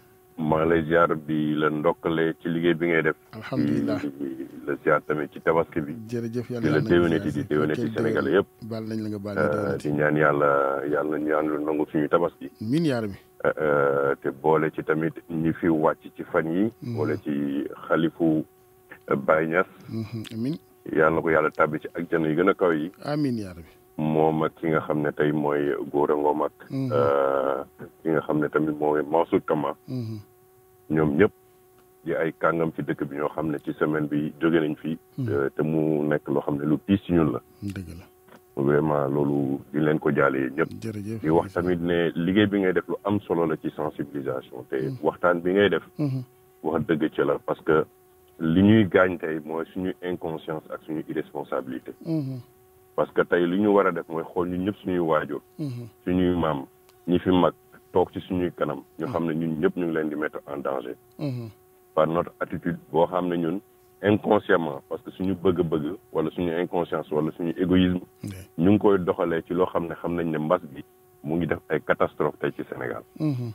maa lay ziar bi la ndokkale ci liggéey bi ngay def. alhamdulilah di la ziar tamit ci tabaski bi. jërëjëf yàlla di la di déwénati Sénégal yëpp. nañ la nga euh, di ñaan yàlla yàlla ñaan lu nangu suñu tabaski. min yaar bi. Euh, euh, te boole ci tamit ñi fi wàcc ci fan yi. Mhm. boole ci xalifu mhm, amin yàlla ko yàlla tàbbi ci ak gën a kaw yi. amin yaar bi. moom ak ki nga xam ne tey mooy Gora ak. Mhm. ki nga xam ne tamit mooy Mansour Kama. ñoom ñëpp di ay kàngam ci dëkk bi ñoo xam ne ci semaine bi jóge nañ fi hmm. te mu nekk loo xam ne lu tiis ci ñun la. dëgg la vraiment loolu di leen ko jaalee ñëpp. jërëjëf di wax tamit ne liggéey bi ngay def lu am solo la ci sensibilisation te hmm. waxtaan bi ngay def. Hmm. wax dëgg ci la parce que li ñuy gaañ tey mooy suñu inconscience ak suñu irresponsabilité. parce que tey li ñu war a def mooy xool ñun ñëpp suñuy waajur. suñuy maam ñi fi mag toog ci suñuy kanam. ñu ah. xam ne ñun ñëpp ñu ngi leen di mettre en danger. Mhm. par notre attitude boo xam ne ñun inconsciemment parce que suñu bëgg-bëgg wala suñu inconscience wala suñu égoïsme. ñu ngi koy doxalee ci loo xam ne xam nañ ne mbas bi mu ngi def ay catastrophe tey ci Sénégal. Mhm.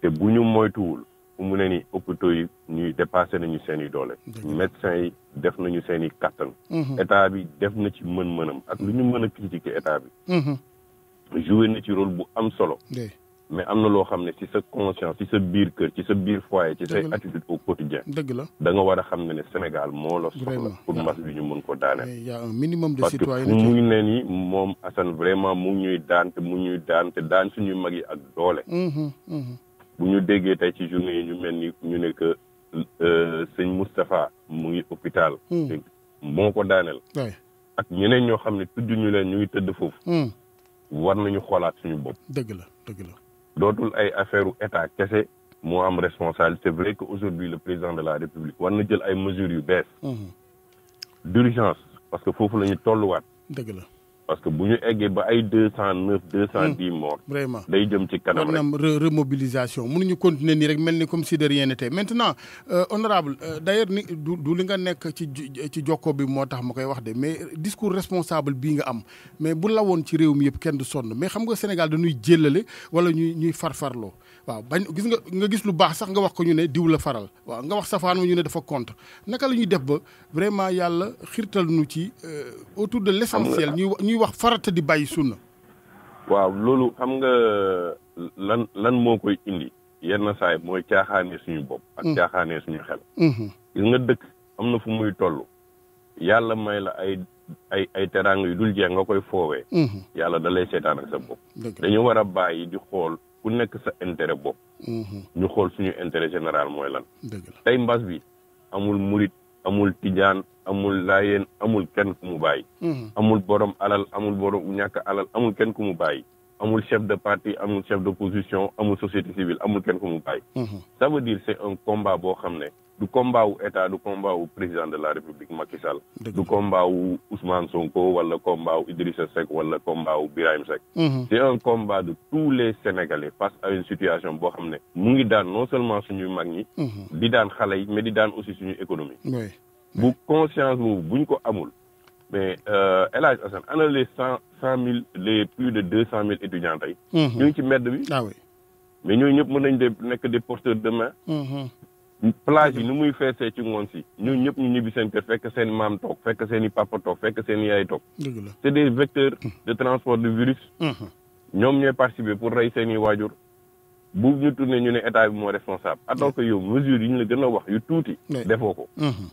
te bu ñu moytuwul fu mu ne ni hôpitaux yi ñuy dépassé nañu seen i doole. médecins yi def nañu seen i kàttan. Mhm. état bi def na ci mën-mënam ak lu ñu mën a critiquer état bi. joué na ci rôle bu am solo. mais am na loo xam ne ci sa conscience ci sa biir kër ci sa biir foyer ci say attitude au quotidien dëgg la da war a xam ne ne Sénégal moo la soxla pour mas bi ñu mën ko daaneel parce que mu muy ne ni moom Assane vraiment mu ñuy daan te mu ñuy daan te daan suñuy mag yi ak doole mm-hmm, mm-hmm. bu ñu déggee tey ci journée yi ñu mel ni ñu nekk que euh, sëñ Moustapha mu ngi hôpital mm. moo ko daaneel ak ñeneen ñoo xam ne tudd ñu leen ñu ngi tëdd foofu mm. war nañu xoolaat suñu bopp dëgg la dëgg la dootul ay affaire état kese moo am responsable c'est vrai que aujourd'hui le président de la république war na jël ay mesures yu bees mhm. d'urgence parce que faut que ñu tolluwaat dëgg la parce que hmm. morts. vraiment remobilisation continuer comme si de rien n'était maintenant euh, honorable euh, d'ailleurs ni du li nga ci ci bi mais discours responsable que nga mais bu la ci mais xam nga Sénégal wala ñuy ñuy waaw bañ gis nga gis lu baax sax nga wax ko ñu diw la faral waaw nga wax ñu dafa contre la ñuy vraiment euh, autour de l'essentiel wax farata di bàyyi sunna waaw loolu xam nga lan lan moo koy indi yenn saay mooy caaxaane suñu bopp ak mm. caaxaane suñu xel mm-hmm. gis nga dëkk am na fu muy toll yàlla may la ay ay ay teraanga yu dul jeex nga koy foowee mm-hmm. yàlla da lay seetaan ak sa bopp dañu war a bàyyi di xool ku nekk sa intérêt bopp mm-hmm. ñu xool suñu intere général mooy lan tey mbas bi amul murit amul tidian amul layen amul ken ku mhm. amul borom alal amul borom ñak alal amul ken ku amul chef de parti amul chef d'opposition amul société civile amul ken ku mhm. ça veut dire c'est un combat pour xamné du combat ou état du combat au président de la république Macky Sall. du combat ou Ousmane Sonko wala combat ou Idrissa Seck wala combat ou Birahim Seck. Mhm. c'est un combat de tous les sénégalais face à une situation bo xamné mu non seulement suñu mag ñi. Mhm. di dans mais di dan aussi suñu économie. bu conscience vous buñ ko amul. mais euh Hadj Hassan les 100 100 les plus de 200 000 étudiants tey. Mhm. ñu ci bi. ah oui mais nous, ñep mënañ dé nek des porteurs de main plage yi nu muy feesee ci ngoon si ñun ñëpp ñu ñibbi seen kër fekk seen maam toog fekk seen i papa toog fekk seen i yaay toog c'est des vecteurs de transport de virus mm-hmm. ñoom ñooy participer pour rey seen i waajur bu ñu tourné ñu ne état bi moo responsable alors que yow mesure yi ñu la gën a wax yu tuuti defoo ko mm-hmm.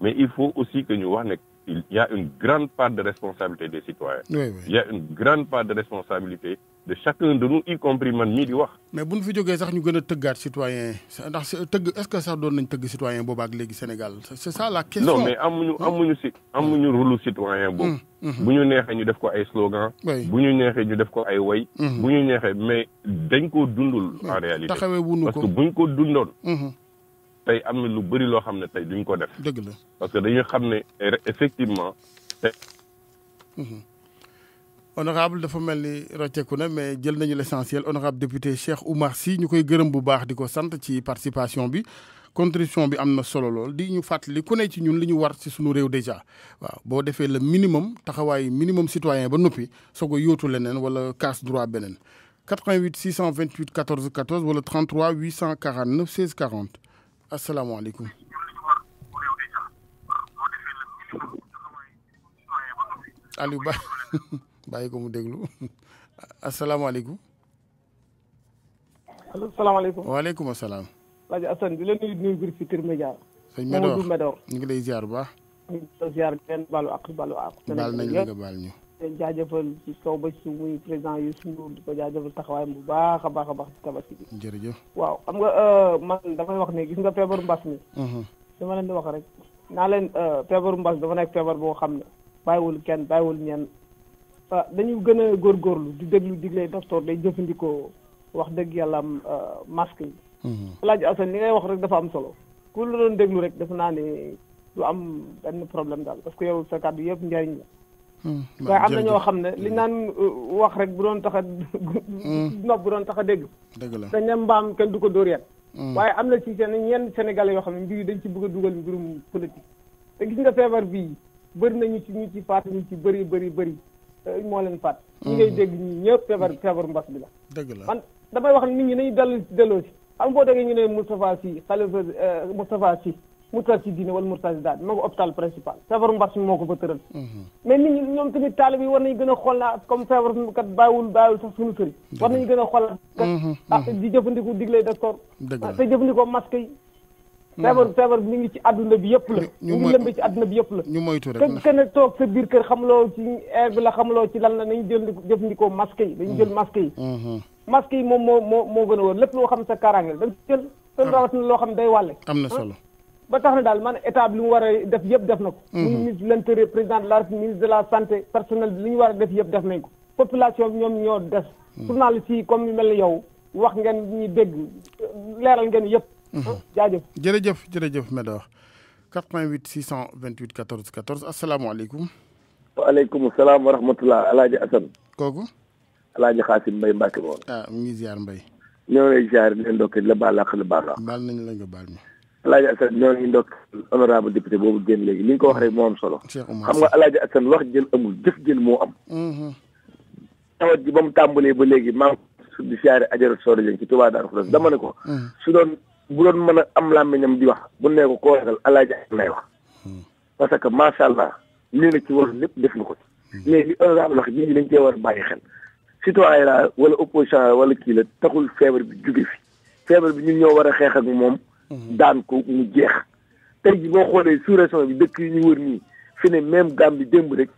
mais il faut aussi que ñu wax ne il y a une grande part de responsabilité des citoyens. Il y a une grande part de responsabilité de chacun de nous, y compris man mais si fi joggé sax ñu gëna citoyen est-ce que ça donne nañ citoyen ak Sénégal c'est ça la question. non mais amuñu hein? amuñu un amuñu rôle citoyen hum, hum, hum. ñu def ko slogan. nous nexé ñu def ko ay way. mais dañ dundul. en réalité parce que buñ ko tey am na lu bëri loo xam ne tey duñ ko def. dëgg parce que dañuy xam ne eh, effectivement. Mhm. honorable dafa mel ni rocceeku na mais jël nañu l' essentiel honorable député Cheikh Oumar Sy ñu koy gërëm bu baax di ko sant ci participation bi contribution bi am na solo lool di ñu fàttali ku ne ci ñun li ñu war ci suñu réew déjà waaw boo defee le minimum taxawaay minimum citoyen ba noppi soog a yóotu leneen wala casse droit beneen 88 628 14 14 wala 33 849 16 40. asalaamaaleykum. Aliou Ba bàyyi ko mu déglu asalaamaaleykum. allo salaamaaleykum. waaleykum salaam. rajo Assane di la nuyu nuyu biir Futurs Médias. sëñ Médor Mamadou Médor ñu ngi lay ziar baax. ñu ngi lay ziar benn baalu àq nga baal ñu. te jaajëfal ci kaw ba ci muy président Youssou Ndour di taxawaayam bu baax a baax a baax ci tabaski jërëjëf waaw xam nga euh, man damay wax ne gis nga feebaru mbas mi. Mm-hmm. dama leen di wax rek naa leen euh, feebaru mbas dafa nekk feebar boo xam ne bàyyiwul kenn bàyyiwul ñenn ah dañu gën a góorgóorlu di déglu digle docteur day jëfandikoo wax dëgg yàlla masque yi. Mm-hmm. Alaaji Assane li ngay wax rek dafa am solo ku la doon déglu rek dafa naa ne lu am benn problème daal parce que yow sa kàddu yëpp njariñ la. Hmm. waaye am na ñoo xam ne li naan uh, wax rek bu doon tax a hmm. nopp bu doon tax a dégg dañ ne mbaam kenn du ko dóor yet hmm. waaye am na si seen ñenn sénégalais yoo xam ne mbir dañ ci bëgg a dugal mbirum politique te gis nga feebar bii bëri nañu ci ñu ci faat ñu ci bëri bëri bëri moo leen faat ñi ngay dégg ñi ñëpp feebar feebaru mbas bi la dëgg la man damay wax ne nit ñi nañu dellu delloo si am boo déggee ñu ne Moustapha Sy xalifa euh, Moustapha Sy murtad si diine wala murtad si daal ma a hôpital principal feebaru mbas mi moo ko fa tëral mhm. nit ñi ñoom tamit taalib yi war nañu gën a xoolaat comme feebar kat bàyyiwul bàyyiwul sax suñu sëriñ war nañu gën a xoolaat mhm. ah mhm. di jëfandikoo digle docteur ah, te jëfandikoo masque yi feebar feebar mi ngi ci àdduna bi yëpp la ñu ngi lëmbe ci àdduna bi yëpp la ñu moytu rek kenn kenn toog sa biir kër xamuloo ci lan la nañu jël jëfandikoo masque yi dañu jël masque yi yi moom moo moo moo gën a wóor lépp loo xam sa kaaraange la dañ jël te ah. rawat na loo xam day wàlle am na solo ah. ba tax na daal man état bi lu mu war a def yëpp def na ko. Mhm. muy président de la République ministre de la santé personnel bi ñu war a def yëpp def nañ ko. population bi ñoom ñoo des. Mhm. journaliste yi comme mel ni yow wax ngeen ñuy dégg leeral ngeen yëpp. Mhm. Ah, jaajo jërëjëf jërëjëf Medor 88 628 14 14 asalaamaaleykum. waaleykum salaam wa rahmatulah El Hadj Assane. kooku. El Hadj Xaasim Mbaye Mbacke moom. ah mu ngi ziar Mbaye. ñoo ngi lay ziar di leen dokkee la baal la baal mi. Alaaji Assane ñoo ngi ndokk honorable député boobu génn léegi li nga ko wax rek moo am solo xam nga Alaaji Assane wax jën amul jëf jën moo am mm-hmm. ba mu tàmbalee ba léegi maa ngi di siyaare ajarot soodo jëng ci dama ne ko mm-hmm. su doon bu doon mën a am làmmiñam di wax bu nee ko koo ragal Alaaji Assane lay wax mm-hmm. parce que macha allah lii na ci waroon lépp def na ko ci mais li honorable wax nit ñi dañ war a bàyyi xel citoyen la wala opposition la wala kii la taxul feebar bi jóge fi feebar bi ñun ñoo war a xeex ak moom daan ko mu jeex tey ji boo xoolee sous région bi dëkk yi ñu wër nii fi ne même Gambie démb rek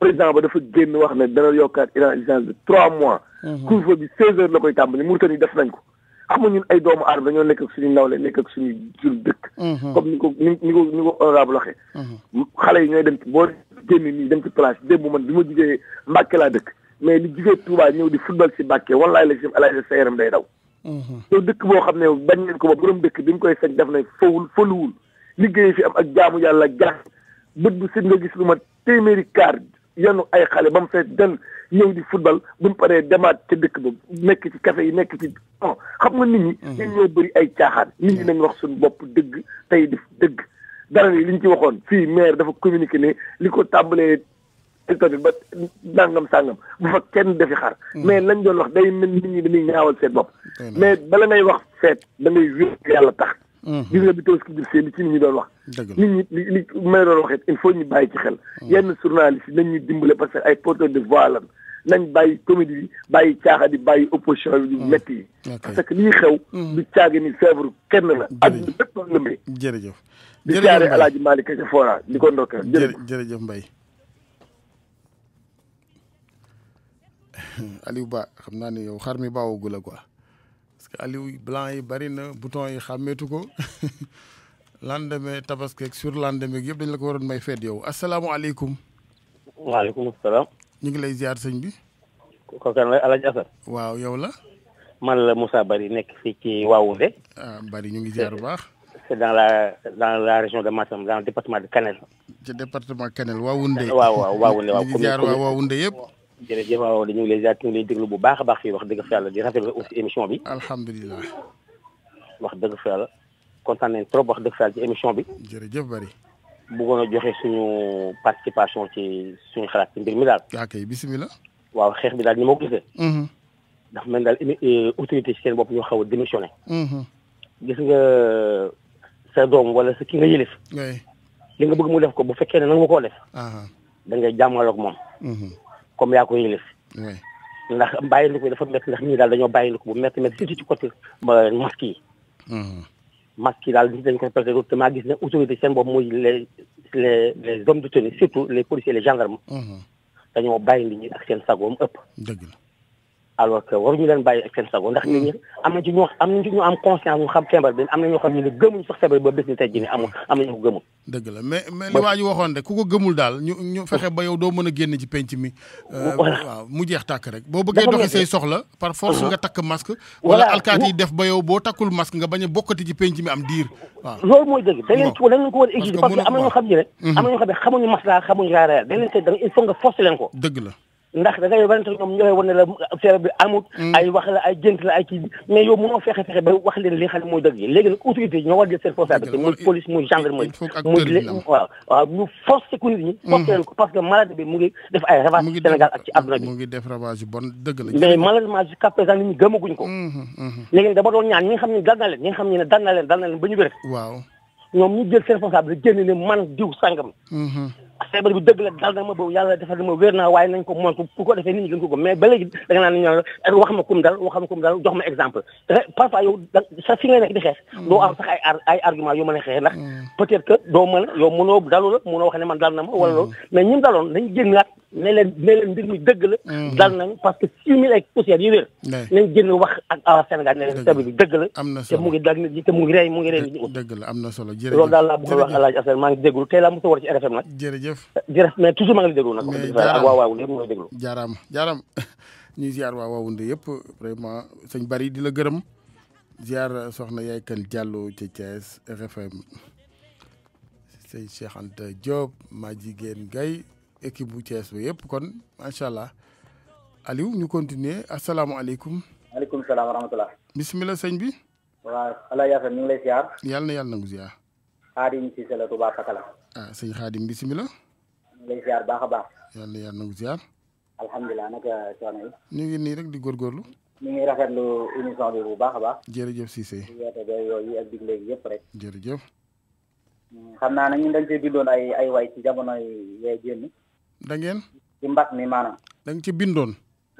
président ba dafa génn wax ne dana yokkaat Iran licence bi trois mois mhm. couvre-feu bi seize heures la koy tàmbali Mauritanie def nañ ko xam nga ñun ay doomu aadama dañoo nekk ak suñu nawle nekk ak suñu jur dëkk mhm. comme ni ko ni ni ko ni ko honorable waxee mhm. xale yi ñooy dem ci boo génn nii dem ci place démb man bi ma jugee Mbàkke laa dëkk mais li jugee Touba ñëw di football si Mbàkke wallaay la si alaay sa yaram day daw Mm-hmm. yow dëkk boo xam ne bañ nañ ko ba borom dëkk bi ñu koy sañ def nañ fawul fëluwul liggéey fi am ak jaamu yàlla jàng bët bu sit nga gis lu ma téeméeri kaar yanu ay xale ba mu fay del ñëw di football bu mu paree demaat ca dëkk ba nekk ci café yi nekk ci bon xam nga nit ñi mm-hmm. ñun ñoo bëri ay caaxaan nit ñi nañ wax suñu bopp dëgg tey def dëgg dara li ñu ci waxoon fii maire dafa communiqué ne li ko tàmbalee dictature ba nangam sangam bu fa kenn defi xar mais lañ doon wax day mel nit ñi dañuy ñaawal seen bopp mais bala ngay wax seet da ngay wér yàlla tax gis nga bi tabaski jub see li ci nit ñi doon wax nit ñi li li may doon wax it il faut ñu bàyyi ci xel yenn journaliste yi nañ ñu dimbale parce que ay porteur de voix lan nañ bàyyi comédie bi bàyyi caaxa di bàyyi opposition bi di métti yi parce que lii xew du caagi ni feebaru kenn la adduna lépp lëmbee jërëjëf di jaare alaaji Malick ca foora di ko ndokkeel jërëjëf jërëjëf Mbaye Aliou Ba xam naa ne yow xar mi baawagu la ko parce que Aliou blanc yi bari na bouton yi xàmmeetu ko lendemain tabaski ak sur lendemain yëpp dañ la ko waroon may feet yow asalaamualeykum. waaleykum salaam. ñu ngi lay ziar sëñ bi. kooku kan waaw yow la. man la Moussa Bari nekk fii ci Waoundé. Ah, bari ñu ngi ziar bu baax. c'est dans la la région de Matam dans le département de Kanel. ci département Kanel Waoundé. waaw waaw waaw commune ñu jërëjëf waaw ñu ngi lay ziar ñu ngi lay déglu bu baax a baax fii wax dëgg fa yàlla di rafetlu aussi émission bi. alhamdulilah. wax dëgg fa yàlla kontaan nañ trop wax dëgg fa yàlla ci émission bi. jërëjëf bari. bëggoon a joxe suñu participation ci suñu xalaat ci mbir mi daal. yaa kay bisimilah. waaw xeex bi daal ni ma ko gisee. Mm-hmm. ndax man daal e, autorité ci seen bopp ñoo xaw a démissionné. Mm-hmm. gis nga sa doom wala sa ki nga yëlif. li nga bëgg mu def ko bu fekkee ne nangu ma koo def. Ah. da ngay jàmmaloog moom. Mm-hmm. comme yaa ko yëlif ndax bàyyi li ko dafa métti ndax ñii daal dañoo bàyyi li ko bu métti métti surtout ci côté masque yi hmm. masque yi daal nit dañ ko respecté te maa gis ne autorité seen bopp muy les les les hommes de tenue surtout les policiers les gendarmes hmm. dañoo bàyyi nit ñi ak seen sagoom ëpp dëgg la alors que waruñu leen bàyyi ak seen sago ndax nit ñi mm. am na ci ñu am na ci ñu am conscience ñu xam feebar bi am na ñoo xam ne gëmuñ sax feebar ba bés ni tey jii ni amul am na ñu ko gëmul dëgg la mais mais li waa ji waxoon rek ku ko gëmul daal ñu ñu fexe ba yow doo mën a génn ci penc mi euh, waaw mu jeex tàkk rek boo bëggee doxi say soxla par force uh-huh. nga takk masque wala alkaati yi def ba yow boo takkul masque nga bañ a bokkati ci penc mi am diir waaw loolu mooy dëgg dañ leen ko dañ leen ko war a exiger parce que am na ñoo xam ne rek am na ñoo xam ne xamuñu masla xamuñu raara dañ leen ko il faut nga forcer leen ko dëgg la ndax da ngay wante ñoom ñoy wone la affaire bi amut ay wax la ay jënt la ay ci mais yow mëno fexe fexe ba wax leen li xam moy dëgg légui nak autorité ñoo war jël seen responsabilité muy police muy gendarmerie muy lé waaw waaw ñu forcé ku nit ñi forcé leen ko parce que malade bi mu ngi def ay ravage ci Sénégal ak ci aduna bi mu ngi def ravage yu bon dëgg la mais malheureusement jusqu'à présent nit ñi gëmaguñ ko léegi dama doon ñaan ñi nga xam dal na leen ñi nga xam dal na leen dal na leen bañu bëre waaw ñom ñu jël seen responsabilité génn ni man diw sangam feebar bi dëgg la dal na ma boobu yàlla defal na ma wér naa waaye nañ ko moytu bu ko defee nit ñi gën ko mais ba léegi da nga naan ñoo la wax ma kum dal wax ma kum dal jox ma exemple parfois yow fi nga nekk di xeex mm. doo am sax ay ay argument yoo mën a xeex ndax mm. peut-être que doo mën yow mënoo dalu la mënoo wax ne man dal na ma wala loolu mm. mais ñun daloon dañ génnaat ne leen ne mi dëgg la. Mhm. dal nañ parce que six mille ak poussière yu wér. nañ génn wax ak waa ne leen tabi bi dëgg la. am na solo te mu ngi dal nit ñi mu ngi mu ngi dëgg la am na solo jërëjëf loolu daal laa bëggoon wax El Hadj Assane maa ngi déglu tey laa mos a war ci RFM nag. jërëjëf jërëjëf mais toujours maa ngi lay déglu nag. mais jaaraama ak waa yëpp vraiment sëñ Bari di la gërëm ziar soxna Yaay Kan Diallo ci Thiès RFM sëñ Cheikh Anta Diop maa jigéen gay équipe bu Thiès bi yépp kon macha allah Aliou ñu continuer asalaamualeykum. maaleykum salaam wa rahmatulah. bisimilah sëñ bi. waaw ala fa ñu ngi lay ziar. yàlla na yàlla nangu ziar. xaadim ci sala tuba Fakala. ah sëñ xaadim bisimilah. ñu lay ziar baax a baax. yàlla na yàlla nangu ziar. alhamdulilah naka coono yi. ñu ngi nii rek di góorgóorlu. ñu ngi rafetlu émission bi bu baax a baax. jërëjëf Cissé. yoote ba yooyu ak dig léegi yëpp rek. jërëjëf. Hmm, xam naa ne ñun dañ see bindoon ay ay way ci jamono yee génn da ngeen. ci mbas ni manam da ci bindon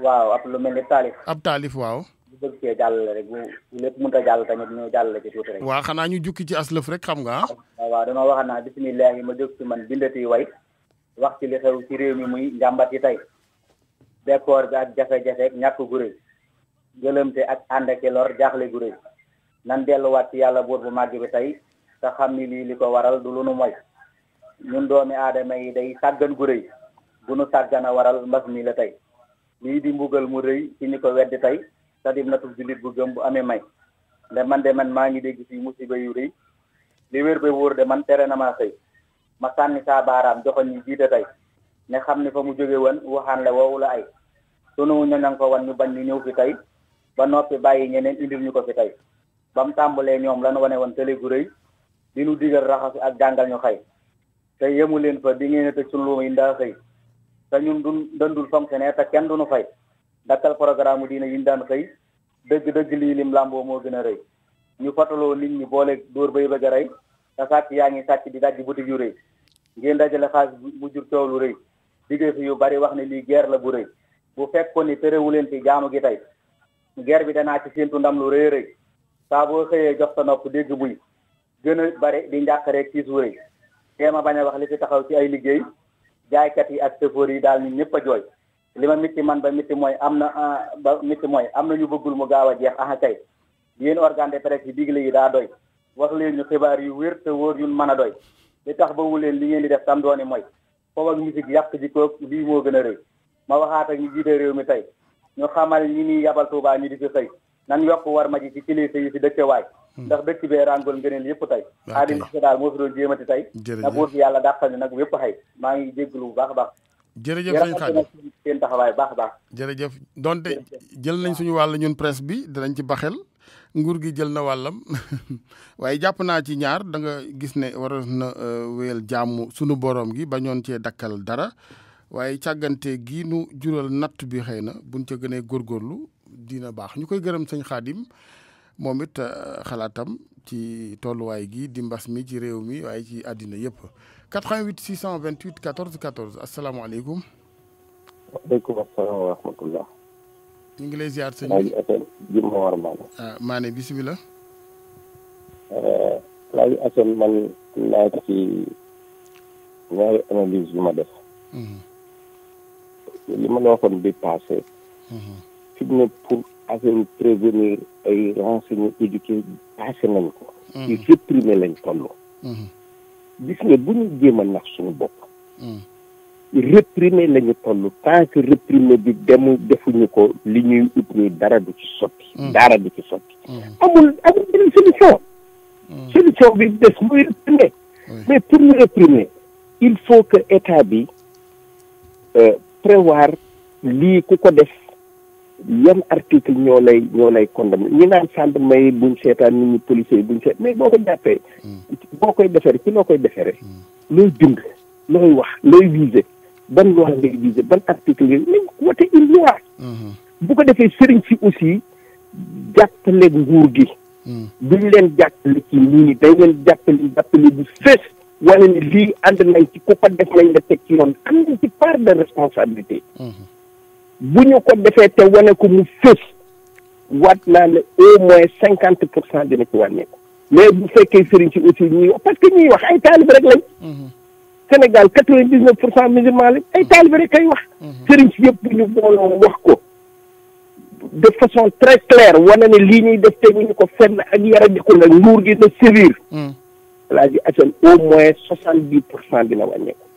waaw ab lu melni kan nah, ni taalif. ab taalif waaw. bëgg cee jàll rek bu lépp mënut a jàll tamit ñu jàll ci tuuti rek. waaw xanaa ñu jukki ci aslëf rek xam nga waaw dama wax naa bisimilah ma jóg man bindati way wax ci li xew ci réew mi muy njàmbat yi tey. bekkoor bi ak jafe-jafe ak ñàkk gu rëy ak ànd lor jaaxle gu rëy ci bu bi bu nu sàggana waral mbas mi la tey lii di mbugal mu rëy ci ñu ko weddi tey sadib natub jullit bu gëm bu amee may nde man de man maa ngi dégg ci musiba yu rëy li wér ba wóor de man tere na maa sëy ma sànni saa baaraam joxoñ ñi jiite tey ne xam ni fa mu jóge woon waxaan la woowu la ay sunu ñoñan ko wan ñu bañ ñu ñëw fi tey ba noppi bàyyi ñeneen indil ñu ko fi tey ba mu tàmbalee ñoom lan wane woon télé gu rëy di nu digal raxasu ak jàngal ñu xëy te yemu leen fa di ngeen a tëj sunu te ñun duñ dëndul fonctionnaire te kenn du duñu fay dakkal programme diine yi ñu daan fay dëgg-dëgg lii lim làmboo moo gën a rëy ñu fataloo nit ñi boole dóor bay bëgg a te sàcc yaa ngi sàcc di daj boutique yu rëy ngeen dajale xaalis mu jur coow lu rëy liggéey fi yu bari wax ne lii ger la bu rëy bu fekkoon ni terewu leen fi jaamu gi tey ger bi danaa ci séentu ndam lu rëy rëy saa boo xëyee jox sa nopp dégg buy gën a bari di njàqareeg tiis wu rëy teema bañ a wax li fi taxaw ci ay liggéey jaaykat yi ak chauffeur yi daal ñun ñëpp a jooy li ma métti man ba mitti mooy am na ah, ba métti mooy am na ñu bëggul mu gaaw a jeex ah kay yéen organe de presse yi digle yi daa doy wax leen ñu xibaar yu wér te wóor yu mën a doy li tax ba wu leen li ngeen di def tam dooni mooy foofu ak musique yàq ji koog lii moo gën a rëy ma waxaat ak ñi jiite réew mi tey ñu xamal ñi ni yabal Tuubaa ñu di fi xëy nan yokk war ma ji ci kilifa yi si dëkkewaay Hmm. ndax dëkk bee rangoon ngëneel yëpp tey aadim moo yàlla dàqal nag yëpp xëy maa ngi jégglu jërëjëf donte jël nañ suñu wàll ñun presse bi danañ ci baxel nguur gi jël na wàllam waaye jàpp naa ci ñaar danga gis ne waroon na euh, wéyal jàmm suñu boroom gi ba bañoon cee dakkal dara waaye càggante gii nu jural natt bi xëy na buñ ca gënee góorgóorlu dina baax ñu koy gërëm sëñ Xaadim momit Khalatam euh, xalaatam ci tolluwaay gi di mi ci réew mi waaye ci àddina 88 628 14 14 asalaamaaleykum. wa rahmatullah. ñu ngi lay ziar ah Maane euh, man naa ci ñaari analyse ma def. Mhm. li ma bi passé. Mhm. ne pour affaire prévenir ay renseigner éduquer passé nañ ko ci mm-hmm. supprimer lañ toll mm-hmm. gis nga bu ñu jéem a nax suñu bopp mm-hmm. réprimer lañu toll tant que réprimer bi dem defuñu ko li ñuy ut nii dara du ci sotti dara du ci sotti amul amul benn solution solution bi des mooy réprimer mais pour ñu réprimer il faut que état bi euh, prévoir lii ku ko def yan article ñoo lay ñoo lay condamné ñi naan gendarme yi buñ seetaan ni ñi policiers yi buñ seet mais boo ko jàppee hmm. boo koy defere ki loo koy defere hmm. looy bind looy wax looy viser ban loi ngay viser ban article yi nañ wote une loi hmm. bu ko defee sëriñ si aussi jàppale nguur gi duñ leen jàppale ci lii ni dañ leen jàppale jàppale bu fees wane ne lii ànd nañ ci ku ko def nañ la teg ci yoon am nañ ci part de responsabilité bu ñu ko defee te wane ko mu fës waat naa ne au moins cinquante pour cent dina ci wàññeeku mais bu fekkee sëriñ si aussi ñuy wax parce que ñuy wax ay taalib rek lañ. Mhm. Sénégal quatre vingt dix neuf pour cent musulman lañ ay taalib rek kay wax. Mhm. sëriñ si yëpp bu ñu booloo wax ko de façon très claire wane ne lii ñuy def teguñu ko fenn ak yaradiku la nguur gi na sévir. Mhm. laa ji asan au moins soixante dix pour cent dina wàññeeku.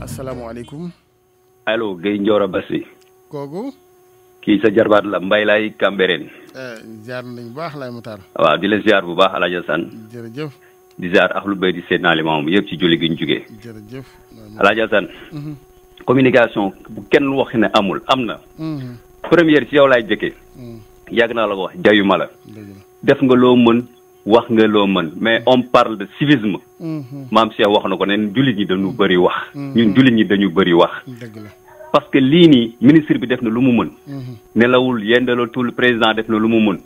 asalaamaaleykum. allo Guèye Bassi. kooku. kii sa jarbaat la mbay laay Cambérène. Eh, ziar nañ bu baax laay Moutar. waaw di la ziar bu baax El Hadj Assane. jërëjëf. di ziar ahlu bay di seet naa limaam yëpp ci julli giñ ñu jugee. jërëjëf. El Hadj mhm. communication bu kenn wax ne amul am na. Mhm. première ci yow laay jëkkee. Mhm. yàgg naa la ko wax jayuma la. def nga loo mën. wax nga loo mën mais on parle de civisme. Mhm. maam Cheikh wax na ko ne jullit ñi dañu bëri wax. Mhm. ñun jullit ñi dañu bëri wax. parce que lii nii ministre bi def na lu mu mën. Mhm. nelawul yendalatul président def na lu mu mën.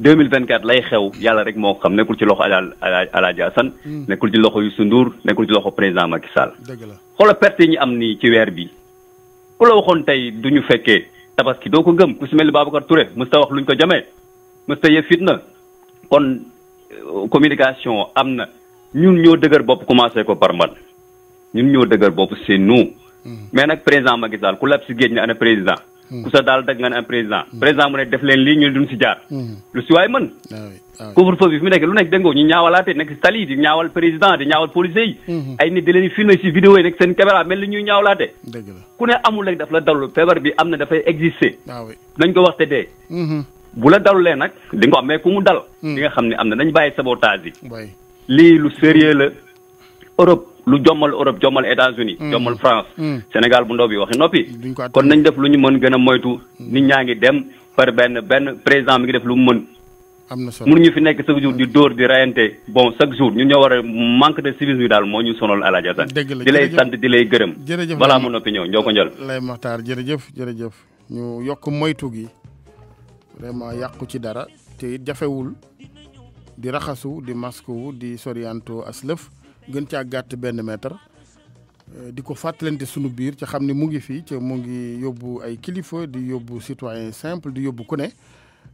2024 lay xew yàlla rek moo xam nekkul ci loxo Alaaji Alaaji Assane nekkul ci loxo Youssou Ndour nekkul ci loxo président Macky Sall. xoola perte yi ñu am nii ci weer bi ku la waxoon tey du ñu fekkee tabaski doo ko gëm ku si mel ni Babacar Touré mës ta ko jamee mës ta yëf fitna. kon euh, communication am na ñun ñoo dëgër bopp commencé ko par man ñun ñoo dëgër bopp c'est nous. Hmm. mais nag président Macky Sall ku lab si géej nga ana président. Hmm. ku sa daal dag nga ne am président. Hmm. président mu ne def leen lii ñu duñ si jaar. lu si waay mën. Ah ah couvre-feu bi fi mu nekk lu nekk dégg nga ñu ñaawalaatee nekk si tali yi di ñaawal président di ñaawal policier yi. ay nit di leen filmer si vidéo yi nekk seen caméra mel ni ñuy ñaawalaatee. la ku ne amul rek daf la dalul feebar bi am na dafay exister. Ah nañ ko wax bu la dalulee nag di nga am mais ku mu dal. Hmm. di nga xam ne am na nañ bàyyi sabotage yi. lii lu sérieux la Europe lu jommal Europe jommal États-Unis hmm. jommal France. Hmm. Sénégal bu ndaw bi waxi noppi. kon nañ def lu ñu mën gën a moytu. nit ñaa ngi dem par benn benn président mi ngi def lu mu mën. am na solo ñu fi nekk chaque jour di door di rayante bon chaque jour ñu ñoo war a manque de civisme bi daal moo ñu sonal Alaaji Asan di lay sant di lay gërëm. jërëjëf balaa mon opinion ñoo ko njël. lay maxtaar jërëjëf jërëjëf yokk moytu gi. vraiment yàqu ci dara te it jafewul di raxasu di masque wu di sorianto aslëf gën ca gàtt benn mètre euh, di ko fàttalante sunu biir ci xam ni mu ngi fii ci mu ngi yóbbu ay kilifa di yóbbu citoyen simple di yóbbu ko ne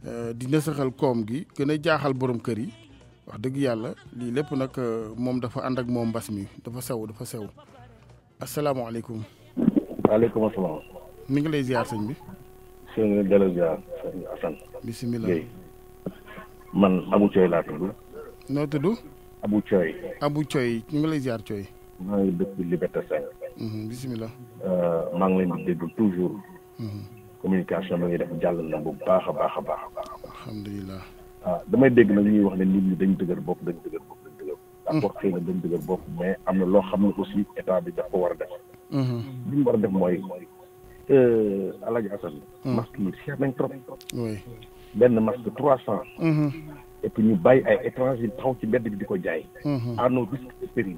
euh, di nasaxal koom gi gën a jaaxal boroom kër yi wax dëgg yàlla lii lépp nag euh, moom dafa ànd ak moom mbas mi dafa sew dafa sew asalaamaaleykum. waaleykum asalaam. mi ngi lay ziar sëñ bi. seen delloo jaar sëñ Assane. man Abou Thioy laa tudd. noo tudd. Abou Thioy. Abou Thioy ñu ngi lay jaar mhm, euh, maa ngi dëkk Liberté 5. toujours. Mhm. communication bi ngi def jàll na bu baax a baax a baax a baax. alhamdulilah. Ah, damay dégg nag ñuy wax ne nit ñi dañ dëgër bopp dañ dëgër bopp dañ dëgër. Mhm. d'accord mais am na loo xam ne aussi état bi daf ko war a def. li mu war a def mooy. Euh, Aladji Assane. masque yi cher nañ benn masque 300 cent. Hmm. et puis ñu bàyyi ay étranger taxaw ci mbedd bi di ko jaay. Hmm. à nos risques et périls.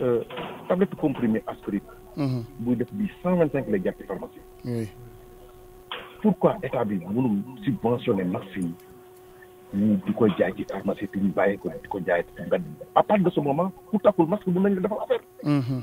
Euh, tablette comprimé aspirine. Hmm. buy def bi 125 vingt cinq lay jàpp pharmacie. oui pourquoi état bi mënul subventionner masque yi ñu di ko jaay ci pharmacie te ñu bàyyi ko di ko jaay ci mbedd bi à partir de ce moment ku takkul masque mën nañ la defal affaire.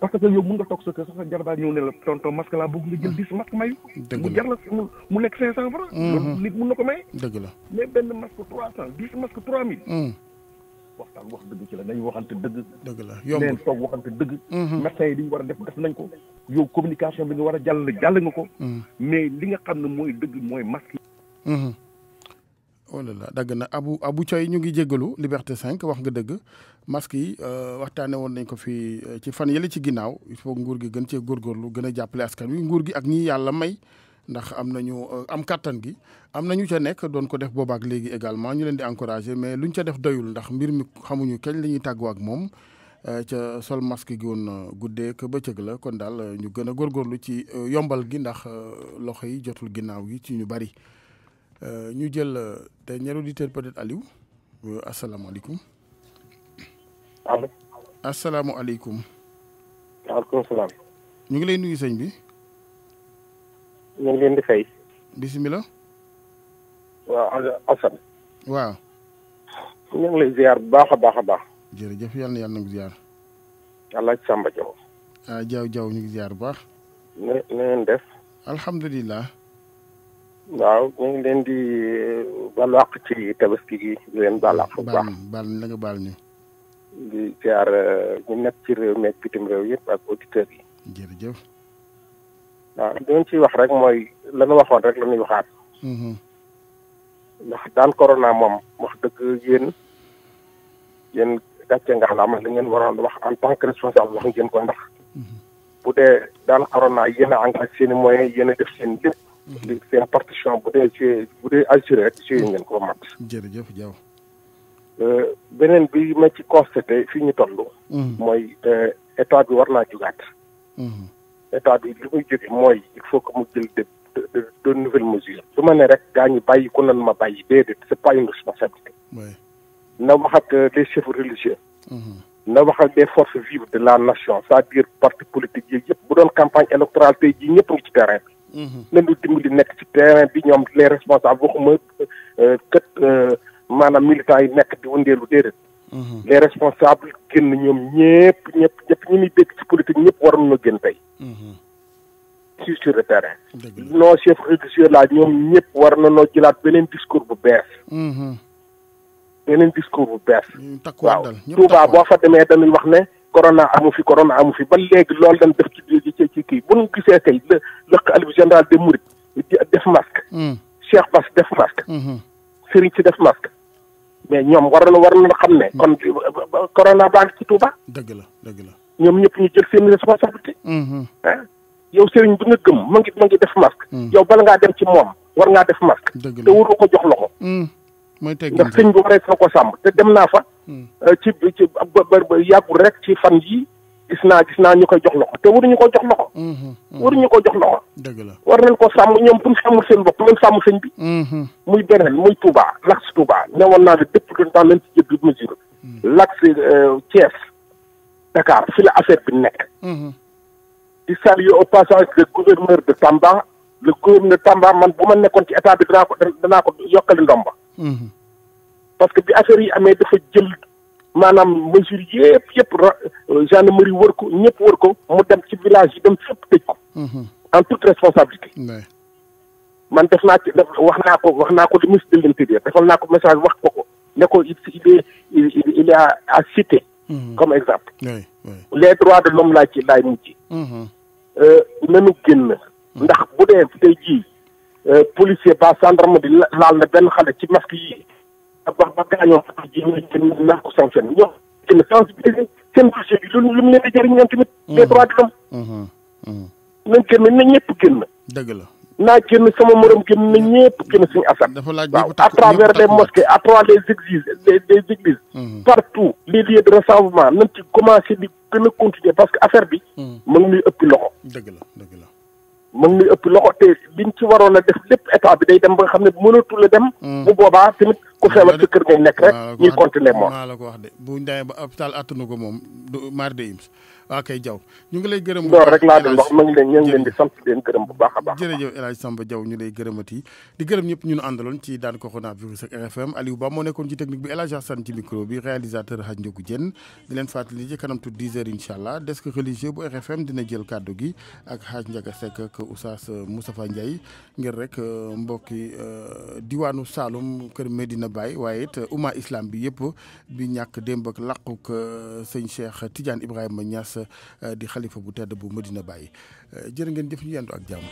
parce que yow mun nga toog sa kër sax sa jarbaal ñëw ne la tonton masque laa bëgg nga jël dix masque mayu mu nekk cinq cent franc mm-hmm. dëgg la benn masque trois cent dix masque trois mille mm. waxtaan wax dëgg ci la nañ waxante dëgg dëgg la yomb leen toog waxante dëgg mm-hmm. médecin yi li ñu war a def def nañ ko yow communication bi nga war a jàll jàll nga ko mm. mais li nga xam ne mooy dëgg mooy masque yi mm-hmm. oh là là dagg na abu abu Coy ñu ngi jéggalu Liberté cinq wax nga dëgg masque yi euh, waxtaane woon nañ ko fii euh, ci fan yële ci ginnaaw il faut nguur gi gën cee góor góorgóorlu gën a jàppale askan yi nguur gi ak ñi yàlla may ndax am nañu euh, am kàttan gi am nañu ca nekk doon ko def boobaak léegi également ñu leen di encourager mais luñ ca def doyul ndax mbir mi xamuñu kañ la ñuy tàggoo ak moom ca sol masque gi woon guddee ak bëccëg la kon daal ñu gën a góor góorgóorlu ci yombal gi ndax loxo yi jotul ginnaaw gi ci ñu bari Euh, ñu jël euh, dernier auditeur peut-être Aliou euh, asalaamaaleykum. allo. asalaamualeykum. waaleykum salaam. ñu ngi lay nuyu sëñ bi. ñu ngi leen di fay. bisimilah. waaw Assane. waaw. ñu ngi lay ziar bu baax a baax a baax. jërëjëf yàlla na yàlla na ko ziar. allah ci Samba Diaw. ah ñu ngi ziar bu baax. na na ngeen def. alhamdulilah. waaw ñu ngi leen di eh, baal wax ci tabaski gi di leen baal wax bu baax baal na nga di jaar eh, ñu nekk ci réew mi ak bitim réew yëpp ak auditeurs yi. jërëjëf. waaw a ñu ciy wax rek mooy la ñu waxoon rek la ñuy waxaat. Mm-hmm. ndax daan corona moom wax dëgg yéen yéen gàcce nga xam li ngeen waroon wax en tant que responsable wax ngeen ko ndax. Mm-hmm. bu dee daan corona yéen a engagé seen i moyens yéen a def seen lépp. c'est la bu dee ci bu dee assuré une ci max ko mat. jërëjëf Diaw. Euh, beneen bi ma ci constaté fini ñu toll. Mhm. moi euh, état de war naa mhm. état de li muy jóge il faut que mu jël de de nouvelles mesures. tu ma ne rek gaa ñi bàyyi ma bàyyi déedéet c' c'est pas une responsabilité. na wax que euh, les chefs religieux. Mhm. na wax des forces vives de la nation c'est-à-dire parti politique yi yëpp bu campagne électorale tey jii ñëpp ngi ci terrain Mm-hmm. nañ ñu dimbali nekk ci terrain bi ñoom les responsables waxuma euh, kat euh, maanaam militants yi nekk di wëndeelu déedéet. Mm-hmm. les responsables génn ñoom ñëpp ñëpp ñu ngi dégg ci politique ñëpp waroon na génn tey. Mm-hmm. sur sur le terrain. non chef religieux la ñoom ñëpp war na noo jëlaat beneen discours bu bees. beneen discours bu bees. waaw Touba boo fa demee dañuy wax ne. corona amu fi corona amu fi ba léegi loolu dañ def ci ci ci kii bu ñu gisee kay la la xalifa général des mourides def masque. Hmm. Cheikh Bass def masque. Hmm. Serigne si def masque. mais ñoom war na war na xam ne. Hmm. kon corona baa ngi ci Touba. dëgg la dëgg la ñoom ñëpp ñu jël seen responsabilité. ah yow Serigne bi nga gëm ma ngi ma ngi def masque. yow bala ngaa dem ci moom war ngaa def masque. te waroo ko jox loxo. mooy teggin ndax sëñ bi waree na ko sàmm te dem naa fa. Hmm. Euh, ci ci ba yàggul rek ci fan yi gis naa gis naa ñu koy jox loxo te waruñu ko jox loxo. Hmm, hmm, waruñu ko jox loxo. dëgg la war nañ ko sàmm ñoom bu ñu sàmmul seen bopp nañ sàmm sëñ bi. muy beneen muy Touba l'axe Touba newoon naa ne depuis longtemps nañ ci jël mesure. l'axe euh, Thiès Dakar fi la affaire bi nekk. di saluer au passage le gouverneur de Tamba le gouverneur de Tamba man bu ma nekkoon ci état bi danaa ko danaa ko yokkali Mm-hmm. parce que bi affaire yi amee dafa jël maanaam mesure yëpp yëpp gendarmerie wër ko ñëpp wër ko mu dem ci village yi dem fépp tëj ko. Mm-hmm. en toute responsabilité. man def naa ci wax naa ko wax naa ko le ministre defal naa ko message wax ko ko ne ko il est il est à citer. Mm-hmm. comme exemple. les droits de l'homme laa ci laay mujj. Euh, nanu génn. ndax bu dee tey jii. Euh, policier ba gendarme di laal na benn xale ci masque yi wax ba gaañoo ak jéem a naa ko sanction ñoom seen sensibiliser seen marché bi lu lu mu leen di jëriñ ñoom tamit. Hum. les droits de l'homme. Hum, hum, nañ génn na ñepp kenn deug la na kenn sama morom kenn na ñëpp génn suñu asat. dafa laaj waaw à travers les mosquées à travers les églises les les églises. partout les lieux de rassemblement nañ ci commencé di gëna a continuer parce que affaire bi. mu ñu ñuy ëpp loxo. deug la deug la. mu ngi ëpp loxo te biñ ci waroon a def lépp état bi day dem ba nga xam ne mënatu la dem. Mm. bu boobaa tamit ku feebar ci kër ngay nekk rek. ñuy continuer moom maa la ko wax de bu ñu demee ba hôpital ko moom du mar de waa jaw ñu ngi lay gërëm. loolu rek laa doon wax ma ngi leen ñu ngi leen di sant gërëm a baax. ñu lay gërëmati di gërëm ñëpp ñu nu àndaloon ci daan coronavirus ak RFM Aliou Ba moo nekkoon ci technique bi El Hadj Assane ci micro bi réalisateur Hadj Ndiogou Diène di leen fàttali ci kanam tuuti 10 heures incha allah desk religieux bu RFM dina jël kàddu gi ak Hadj Ndiaga Seck ak Oustaz Moustapha Ndiaye ngir rek euh, mbokki euh, diwaanu Saloum kër Medina Baye waaye it euh, umma islam bi yëpp bi ñàkk démb ak làquk sëñ Cheikh Tidiane Ibrahima Niass di xalifa bu tedd bu Medina Baye jërë ngeen jëf ñu yendu ak jàmm